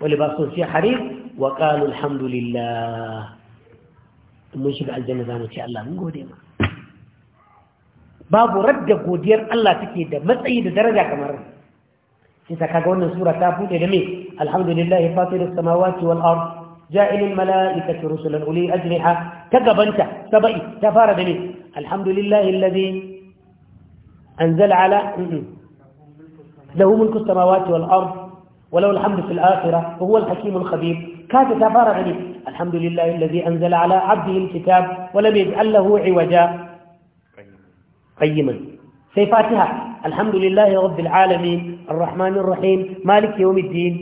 wa libasun harir wa qalu alhamdulillah mun shiga aljanna za mu ce Allah mun gode ma babu radda godiyar Allah take da matsayi da daraja kamar sai wannan sura ta bude da me الحمد لله فاطر السماوات والأرض جائل الملائكة رسلا أولي أجنحة أنت سبئي تفارد لي الحمد لله الذي أنزل على له ملك السماوات والأرض وله الحمد في الآخرة وهو الحكيم الخبير كاد تفارد لي الحمد لله الذي أنزل على عبده الكتاب ولم يجعل له عوجا قيما سيفاتها الحمد لله رب العالمين الرحمن الرحيم مالك يوم الدين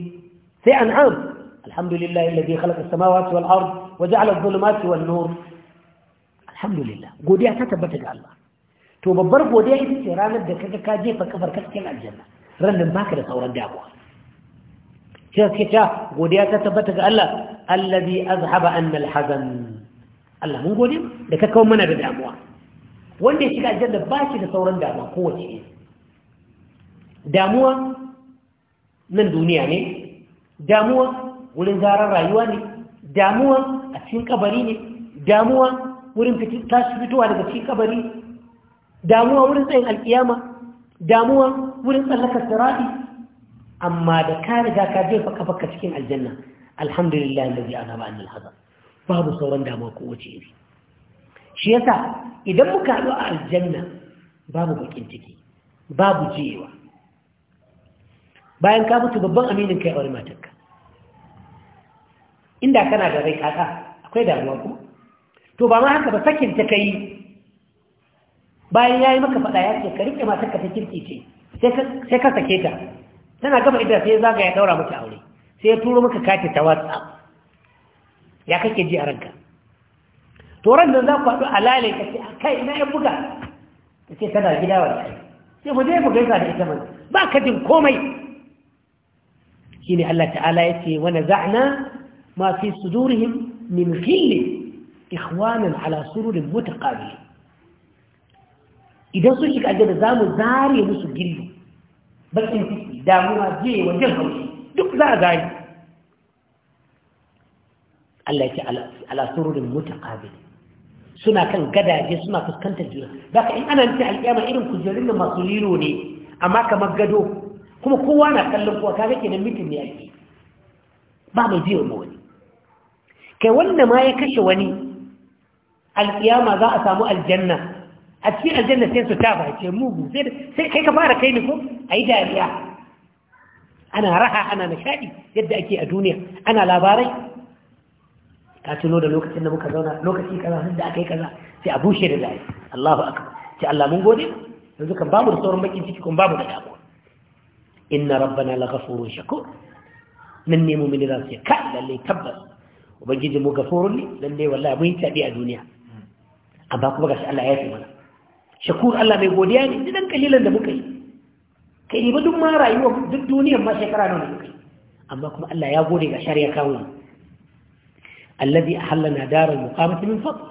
في أنعام الحمد لله الذي خلق السماوات والأرض وجعل الظلمات والنور الحمد لله قد يعتبت على الله تببر قد يعتبت رانا بكذا كاجي فكفر كتكين الجنة رانا باكرة صورة دعوة كذا كتا قد يعتبت على الله الذي أذهب أن الحزن الله من قد يعتبت لك كومنا بدعوة وانده شكا الجنة باكرة صورة دعوة قوة شيء دعوة من دنيا damuwa wurin zarar rayuwa ne damuwa a cikin kabari ne damuwa wurin tashi fitowa daga cikin kabari damuwa wurin tsayin alkiyama damuwa wurin tsallakar sarari amma da ka riga ka jefa kafarka cikin aljanna alhamdulillah allazi ana ba annal babu sauran damuwa ko wace iri shi yasa idan muka haɗu a aljanna babu bakin ciki babu jewa. bayan ka mutu babban aminin kai aure matarka inda kana da rai kaka akwai damuwa kuma to ba ma haka ba sakin ta kai bayan yayi maka fada ya ce ka rike matarka ta kirki ce sai ka sake ta tana gama idan sai zaga ya daura mata aure sai ya turo maka kati ta WhatsApp ya kake ji a ranka to ran da za ku haɗu alale ka ce kai ina yan buga ka ce tana gida wa sai mu je mu gaisa da ita mai. ba ka jin komai shine Allah ta'ala yace wa naza'na ma fi sudurihim min ghillin ikhwanan ala sururin mutaqabil idan sun shiga aljanna zamu zare musu gilli bakin ciki damuwa je wajen haushi duk za a zare Allah ya ce ala sururin mutaqabil suna kan gadaje suna fuskantar juna baka in ana nufi alƙiyama irin kujerun da masu lilo ne amma kamar gado kuma kowa na kallon kowa kaga kenan mutum ne ake ba mai biyo ma wani kai wanda ma ya kashe wani alkiyama za a samu aljanna a cikin aljanna sai su ta bace mugu sai kai ka fara kai ni ko ayi dariya ana raha ana nishaɗi yadda ake a duniya ana labarai ka tuno da lokacin da muka zauna lokaci kaza da aka yi kaza sai a bushe da dai Allahu akbar Sai Allah mun gode yanzu kan babu da sauran bakin ciki kun babu da damuwa إن ربنا لغفور شكور من نيمو من راسي كألا اللي تبس وبنجد مو غفور لي للي والله مين تابع الدنيا أما أكو بغش الله آياتي منا شكور الله مي قودياني إذن قليلا دمكي كي يبدو ما رأيوه ضد دنيا ما شكرانا نمكي أما أكو الله يقولي بشاريا كون الذي أحلنا دار المقامة من فضل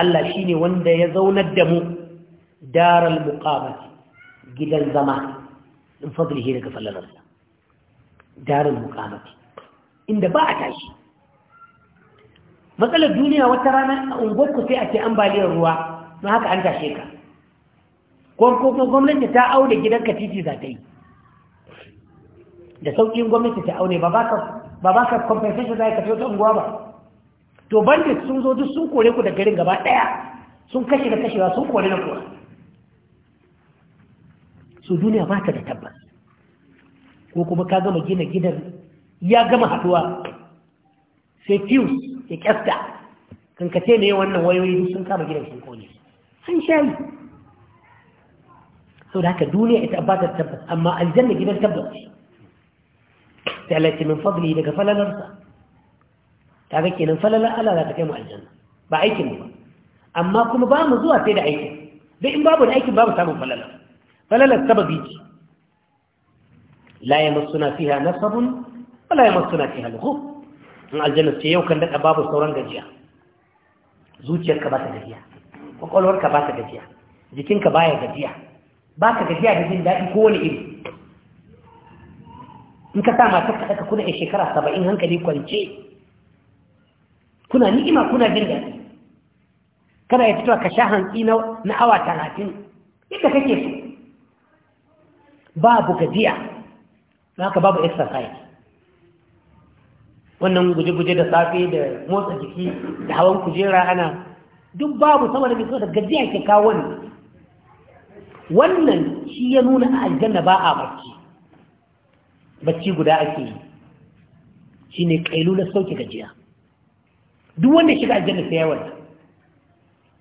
الله شيني وند يزون الدم دار المقامة جدا زمان In fadli shi daga fallalarsa darul muqamati inda ba a tashi matsalar duniya wata rana a unguwarku sai a ce ambaliyar ruwa don haka an tashe ka ko gwamnati ta aure gidanka titi za ta yi da sauƙin gwamnati ta aure ba ba ka compensation za ka ta unguwa ba to bandit sun zo duk sun kore ku da garin gaba ɗaya sun kashe da kashewa sun kore na kuwa su duniya ba ta da tabbas ko kuma ka gama gina gidan ya gama haduwa sai fuse ya kyasta kankace ne wannan wayoyi sun kama gidan ko ne, sun shayi sau da haka duniya ita ba ta da tabbas amma aljanna gidan tabbas ce ta alaƙi min fadli daga falalarsa ta ga kenan falalar ala za ta kai mu aljanna ba aikin ba amma kuma ba mu zuwa sai da aikin don in babu da aikin babu samun falalar falalar sababi ce la yamassuna fiha nasabun wala yamassuna fiha lughub in aljanna ce yau kan daɗa babu sauran gajiya zuciyarka ba ta gajiya kwakwalwarka ba ta gajiya jikinka baya gajiya ba ka gajiya da jin daɗi ko wani iri in ka sa matar ka ɗaka kuna a shekara saba'in hankali kwance kuna ni'ima kuna jin daɗi ya ka sha hantsi na awa talatin so babu gajiya haka babu exercise wannan guje-guje da safe da motsa jiki da hawan kujera ana duk babu sama da biso da gajiya ke kawo ne wannan shi ya nuna a aljanna ba a barci bacci guda ake yi shi ne kailu na sauke gajiya duk wanda shiga aljanna sai yawan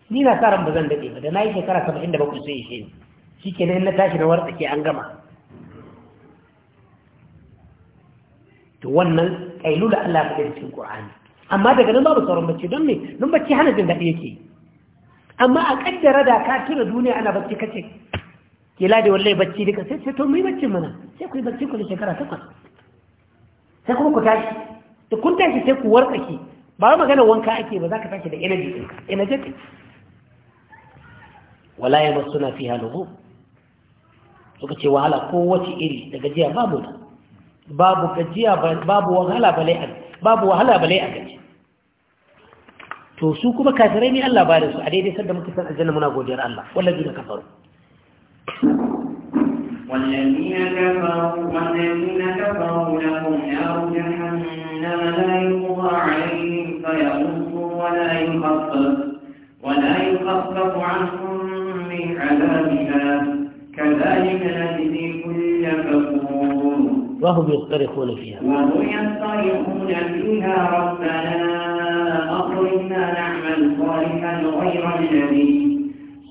ni na sa ran ba zan daɗe ba da na yi shekara 77 da bakwai sai ishe ne shi ke na tashi na wartsake an gama to wannan kailula Allah ya faɗi cikin Qur'ani amma daga nan babu sauran bacci don me don bacci hana jin daɗi yake amma a kaddara da ka tura duniya ana bacci kace ke lade wallahi bacci duka sai sai to mu yi bacci mana sai ku yi bacci ku da shekara takwas sai kuma ku tashi da kun tashi sai ku wartsake ba magana wanka ake ba za ka tashi da energy ɗinka energetic wala ya masu na fiha lugu suka ce wahala ko wace iri daga jiya babu da babu gajiya babu wahala bale balai babu wahala bale a gaji to su kuma kafirai ne Allah bare su a daidai sanda muke san aljanna muna godiyar Allah wallahi da kafaru والذين كفروا والذين كفروا لهم نار جهنم لا يقضى وهم يصطرخون فيها وهم يصطرخون فيها ربنا أخرجنا نعمل صالحا غير الذي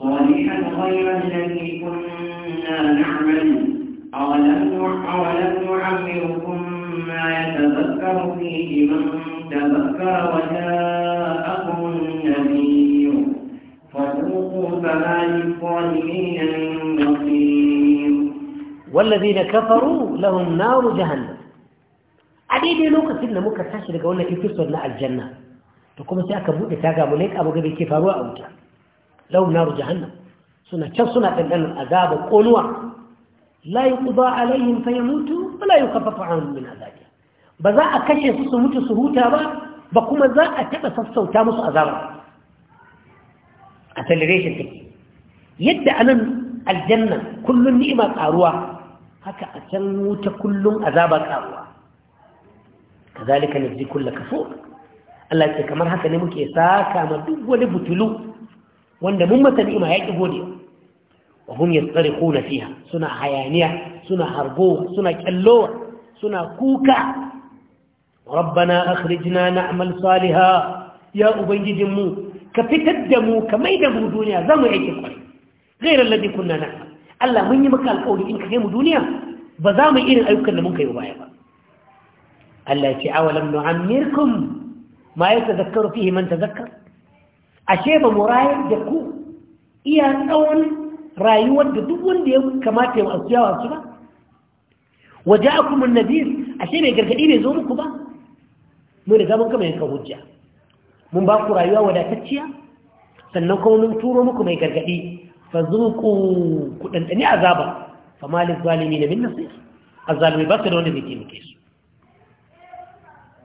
صالحا غير الذي كنا نعمل أولم أولم نعمركم ما يتذكر فيه من تذكر وجاءكم النبي فذوقوا فما للظالمين من نصير والذين كفروا لهم نار جهنم adidai lokacin da muka tashi daga wannan ifisar na aljanna to kuma sai aka buɗe taga mu ne abu gabe ke faruwa a wuta lahum nar suna can suna dangana azaba qulwa la yuqda alaihim fayamutu wa la yukhaffafu anhum min ba za a kashe su su huta ba ba kuma za a taɓa sassauta musu azaba acceleration take yadda anan aljanna kullun ni'ima karuwa haka a can wuta kullum azaba karuwa kazalika najzi kullu kafur Allah ce kamar haka ne muke saka ma duk wani butulu wanda mun masa ni'ima ya gode wa hum yastarikuna fiha suna hayaniya suna hargowa suna kyallowa suna kuka rabbana akhrijna na'mal salihan ya ubangijinmu ka fitar da mu ka mai da mu duniya zamu yake kwai, gairar ladi kunna na Allah mun yi maka alƙawari in ka kai mu duniya ba za mu irin ayyukan da mun kai baya ba Allah ya ce awalam nu'ammirkum ma yatazakkaru fihi man tazakkar ashe ba mu rayar da ku iya tsawon rayuwar da duk wanda ya kamata ya wasuwa su ba waja'akum an ashe mai gargadi bai zo muku ba mu riga mun kama yanka hujja mun ba ku rayuwa wadatacciya sannan kuma mun turo muku mai gargadi fazuku ku dandani azaba fa malil zalimin min nasir azalimi ba su da wanda zai taimake su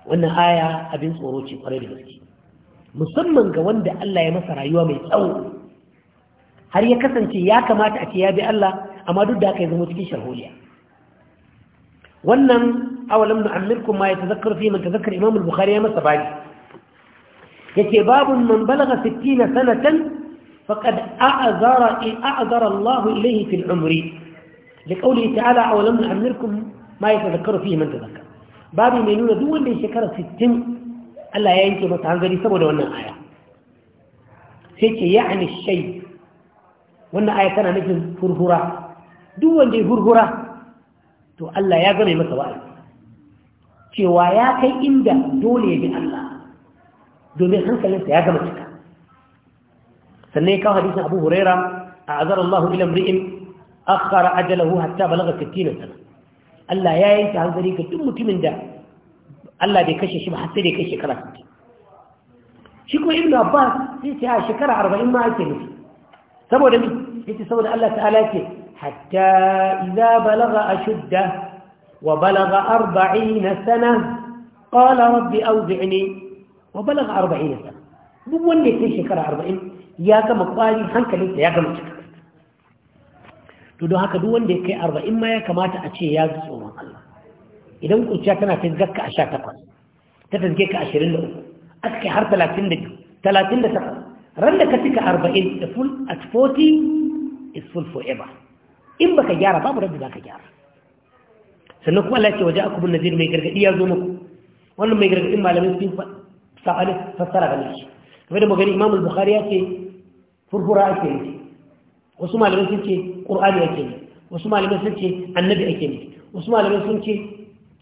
wannan aya abin tsoro ce kwarai da gaske musamman ga wanda Allah ya masa rayuwa mai tsawo har ya kasance ya kamata a ce ya bi Allah amma duk da aka yi zama cikin sharholiya wannan awalam na amirkum ma ya tazakkar fi man tazakkar imam al-bukhari ya masa bani yake babun man balaga 60 sanatan فقد أعذر, أعذر الله إليه في العمر لقوله تعالى أولم نعمركم ما يتذكر فيه من تذكر بابي مينون دول لي شكرة ستين ألا ينكي متعنزلي سبب وانا آية سيكي يعني الشيء وانا آية كان نجم هرهرة دول لي هرهرة to Allah ya gane masa wa'azi cewa ya kai inda dole ya bi Allah domin hankalinsa ya gama cika sannan ya kawo hadisin abu huraira a azar allahu ila mri'in akhara ajalahu hatta balaga 60 sana Allah ya yanke hanzari ga duk mutumin da Allah bai kashe shi ba har sai da kai shekara 60 shi kuma ibnu abbas sai ce a shekara 40 ma ake nufi saboda ni yace saboda Allah ta'ala ce hatta idza balaga ashudda wa balaga 40 sana qala rabbi awzi'ni wa balaga 40 sana duk wanda ya kai shekara 40 ya gama kwari da ya gama cika to don haka duk wanda ya kai arba'in ma ya kamata a ce ya ji tsoron Allah idan kuciya tana ta zakka a sha takwas ta tazge ka ashirin da uku aka kai har talatin da biyu talatin da takwas ran da ka cika arba'in da full at forty is full forever in baka gyara babu rabbi ka gyara sannan kuma Allah ya ce waje akubun nazir mai gargadi ya zo muku wannan mai gargadin malamin sun fassara ga shi kuma da magani imam al-bukhari yake furfura ake nufi wasu malamai sun ce qur'ani ake nufi wasu malamai sun ce annabi ake nufi wasu malamai sun ce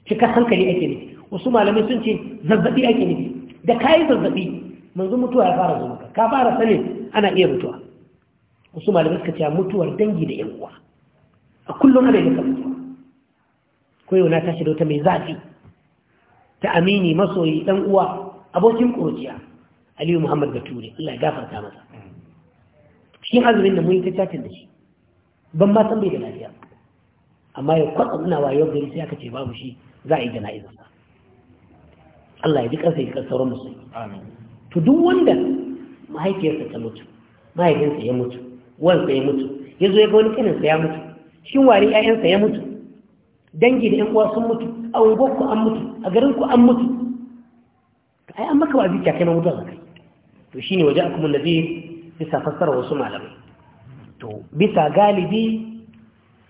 cika hankali ake nufi wasu malamai sun ce zazzabi ake nufi da kai zazzabi manzo mutuwa ya fara zuwa ka fara sanin ana iya mutuwa wasu malamai suka ce mutuwar dangi da yan uwa a kullum ana yi mutuwa ko yau na tashi da wata mai zafi ta amini masoyi dan uwa abokin ƙuruciya aliyu muhammad bature Allah ya gafarta masa shi azumin da mun yi ta da shi ban ma san bai da lafiya amma ya kwatsa ina wayo gari sai aka ce babu shi za a yi jana'izar sa Allah ya ji kansa ya kasarar musulmi to duk wanda mahaifiyarsa ta mutu mahaifinsa ya mutu wansa ya mutu ya zo ya ga wani kaninsa ya mutu shin wari ƴaƴansa ya mutu dangi da ƴan uwa sun mutu a ku an mutu a garin ku an mutu ai an maka wa zuciya kai na mutuwa zakai to shine waje akum nabi bisa fassara wasu malamai to bisa galibi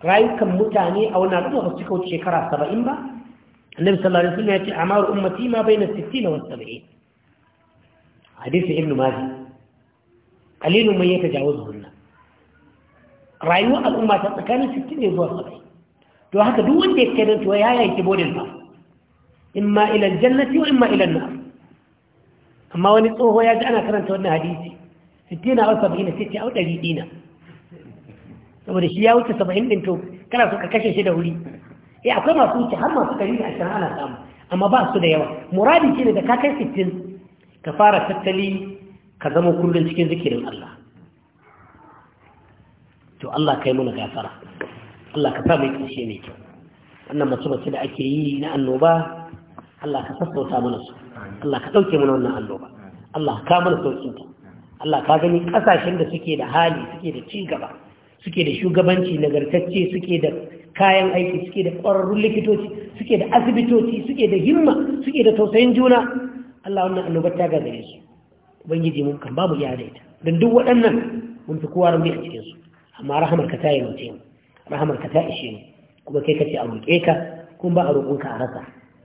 rayukan mutane a wannan al'umma ba su cika shekara saba'in ba annabi sallallahu alaihi wasallam ya ce amaru ummati ma bayna 60 wa 70 hadisi ibnu majah qalilun man yatajawazunna rayuwar al'umma ta tsakanin 60 ne zuwa 70 to haka duk wanda ya kai dan to ya yake bodin fa imma ila aljannati wa imma ila an-nar amma wani tsoho ya ji ana karanta wannan hadisi sittina au saba'ina sai ce a ɗari dina saboda shi ya wuce saba'in ɗin kana so ka kashe shi da wuri eh akwai masu wuce har masu ɗari da ashirin ana samu amma ba su da yawa muradi ce ne da ka kai sittin ka fara tattali ka zama kullum cikin zikirin Allah to Allah kai mana gafara Allah ka sa mai ƙarshe mai kyau wannan masu masu da ake yi na annoba Allah ka sassauta mana su Allah ka ɗauke mana wannan alloba Allah ka mana sauƙinta Allah ka gani ƙasashen da suke da hali suke da ci gaba suke da shugabanci nagartacce suke da kayan aiki suke da ƙwararrun likitoci suke da asibitoci suke da himma suke da tausayin juna Allah wannan annobar ta gagare su ubangiji mun kan babu yare ta duk waɗannan mun fi kowa rumbi a cikin su amma rahamar ka ta yi mu rahamar ka ta ishe mu kuma kai ka ce a roƙe ka kuma ba a ka a rasa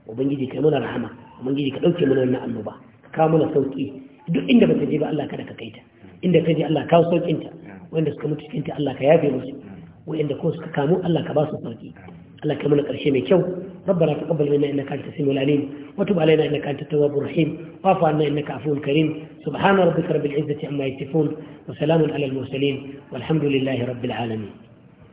ubangiji kai muna rahama ubangiji ka ɗauke mana wannan annoba ka kawo mana inda baka je ba Allah kada ka kai ta inda ka je Allah kawo saukin ta wanda suka mutu cikin ta Allah ka yafe musu wanda ko suka kamu Allah ka ba su sauki Allah kai mana karshe mai kyau rabbana taqabbal minna innaka antas samiul alim wa tub alaina innaka antat tawwabur rahim wa fa anna innaka afuwun karim subhana rabbika rabbil izzati amma yasifun wa salamun alal mursalin walhamdulillahi rabbil alamin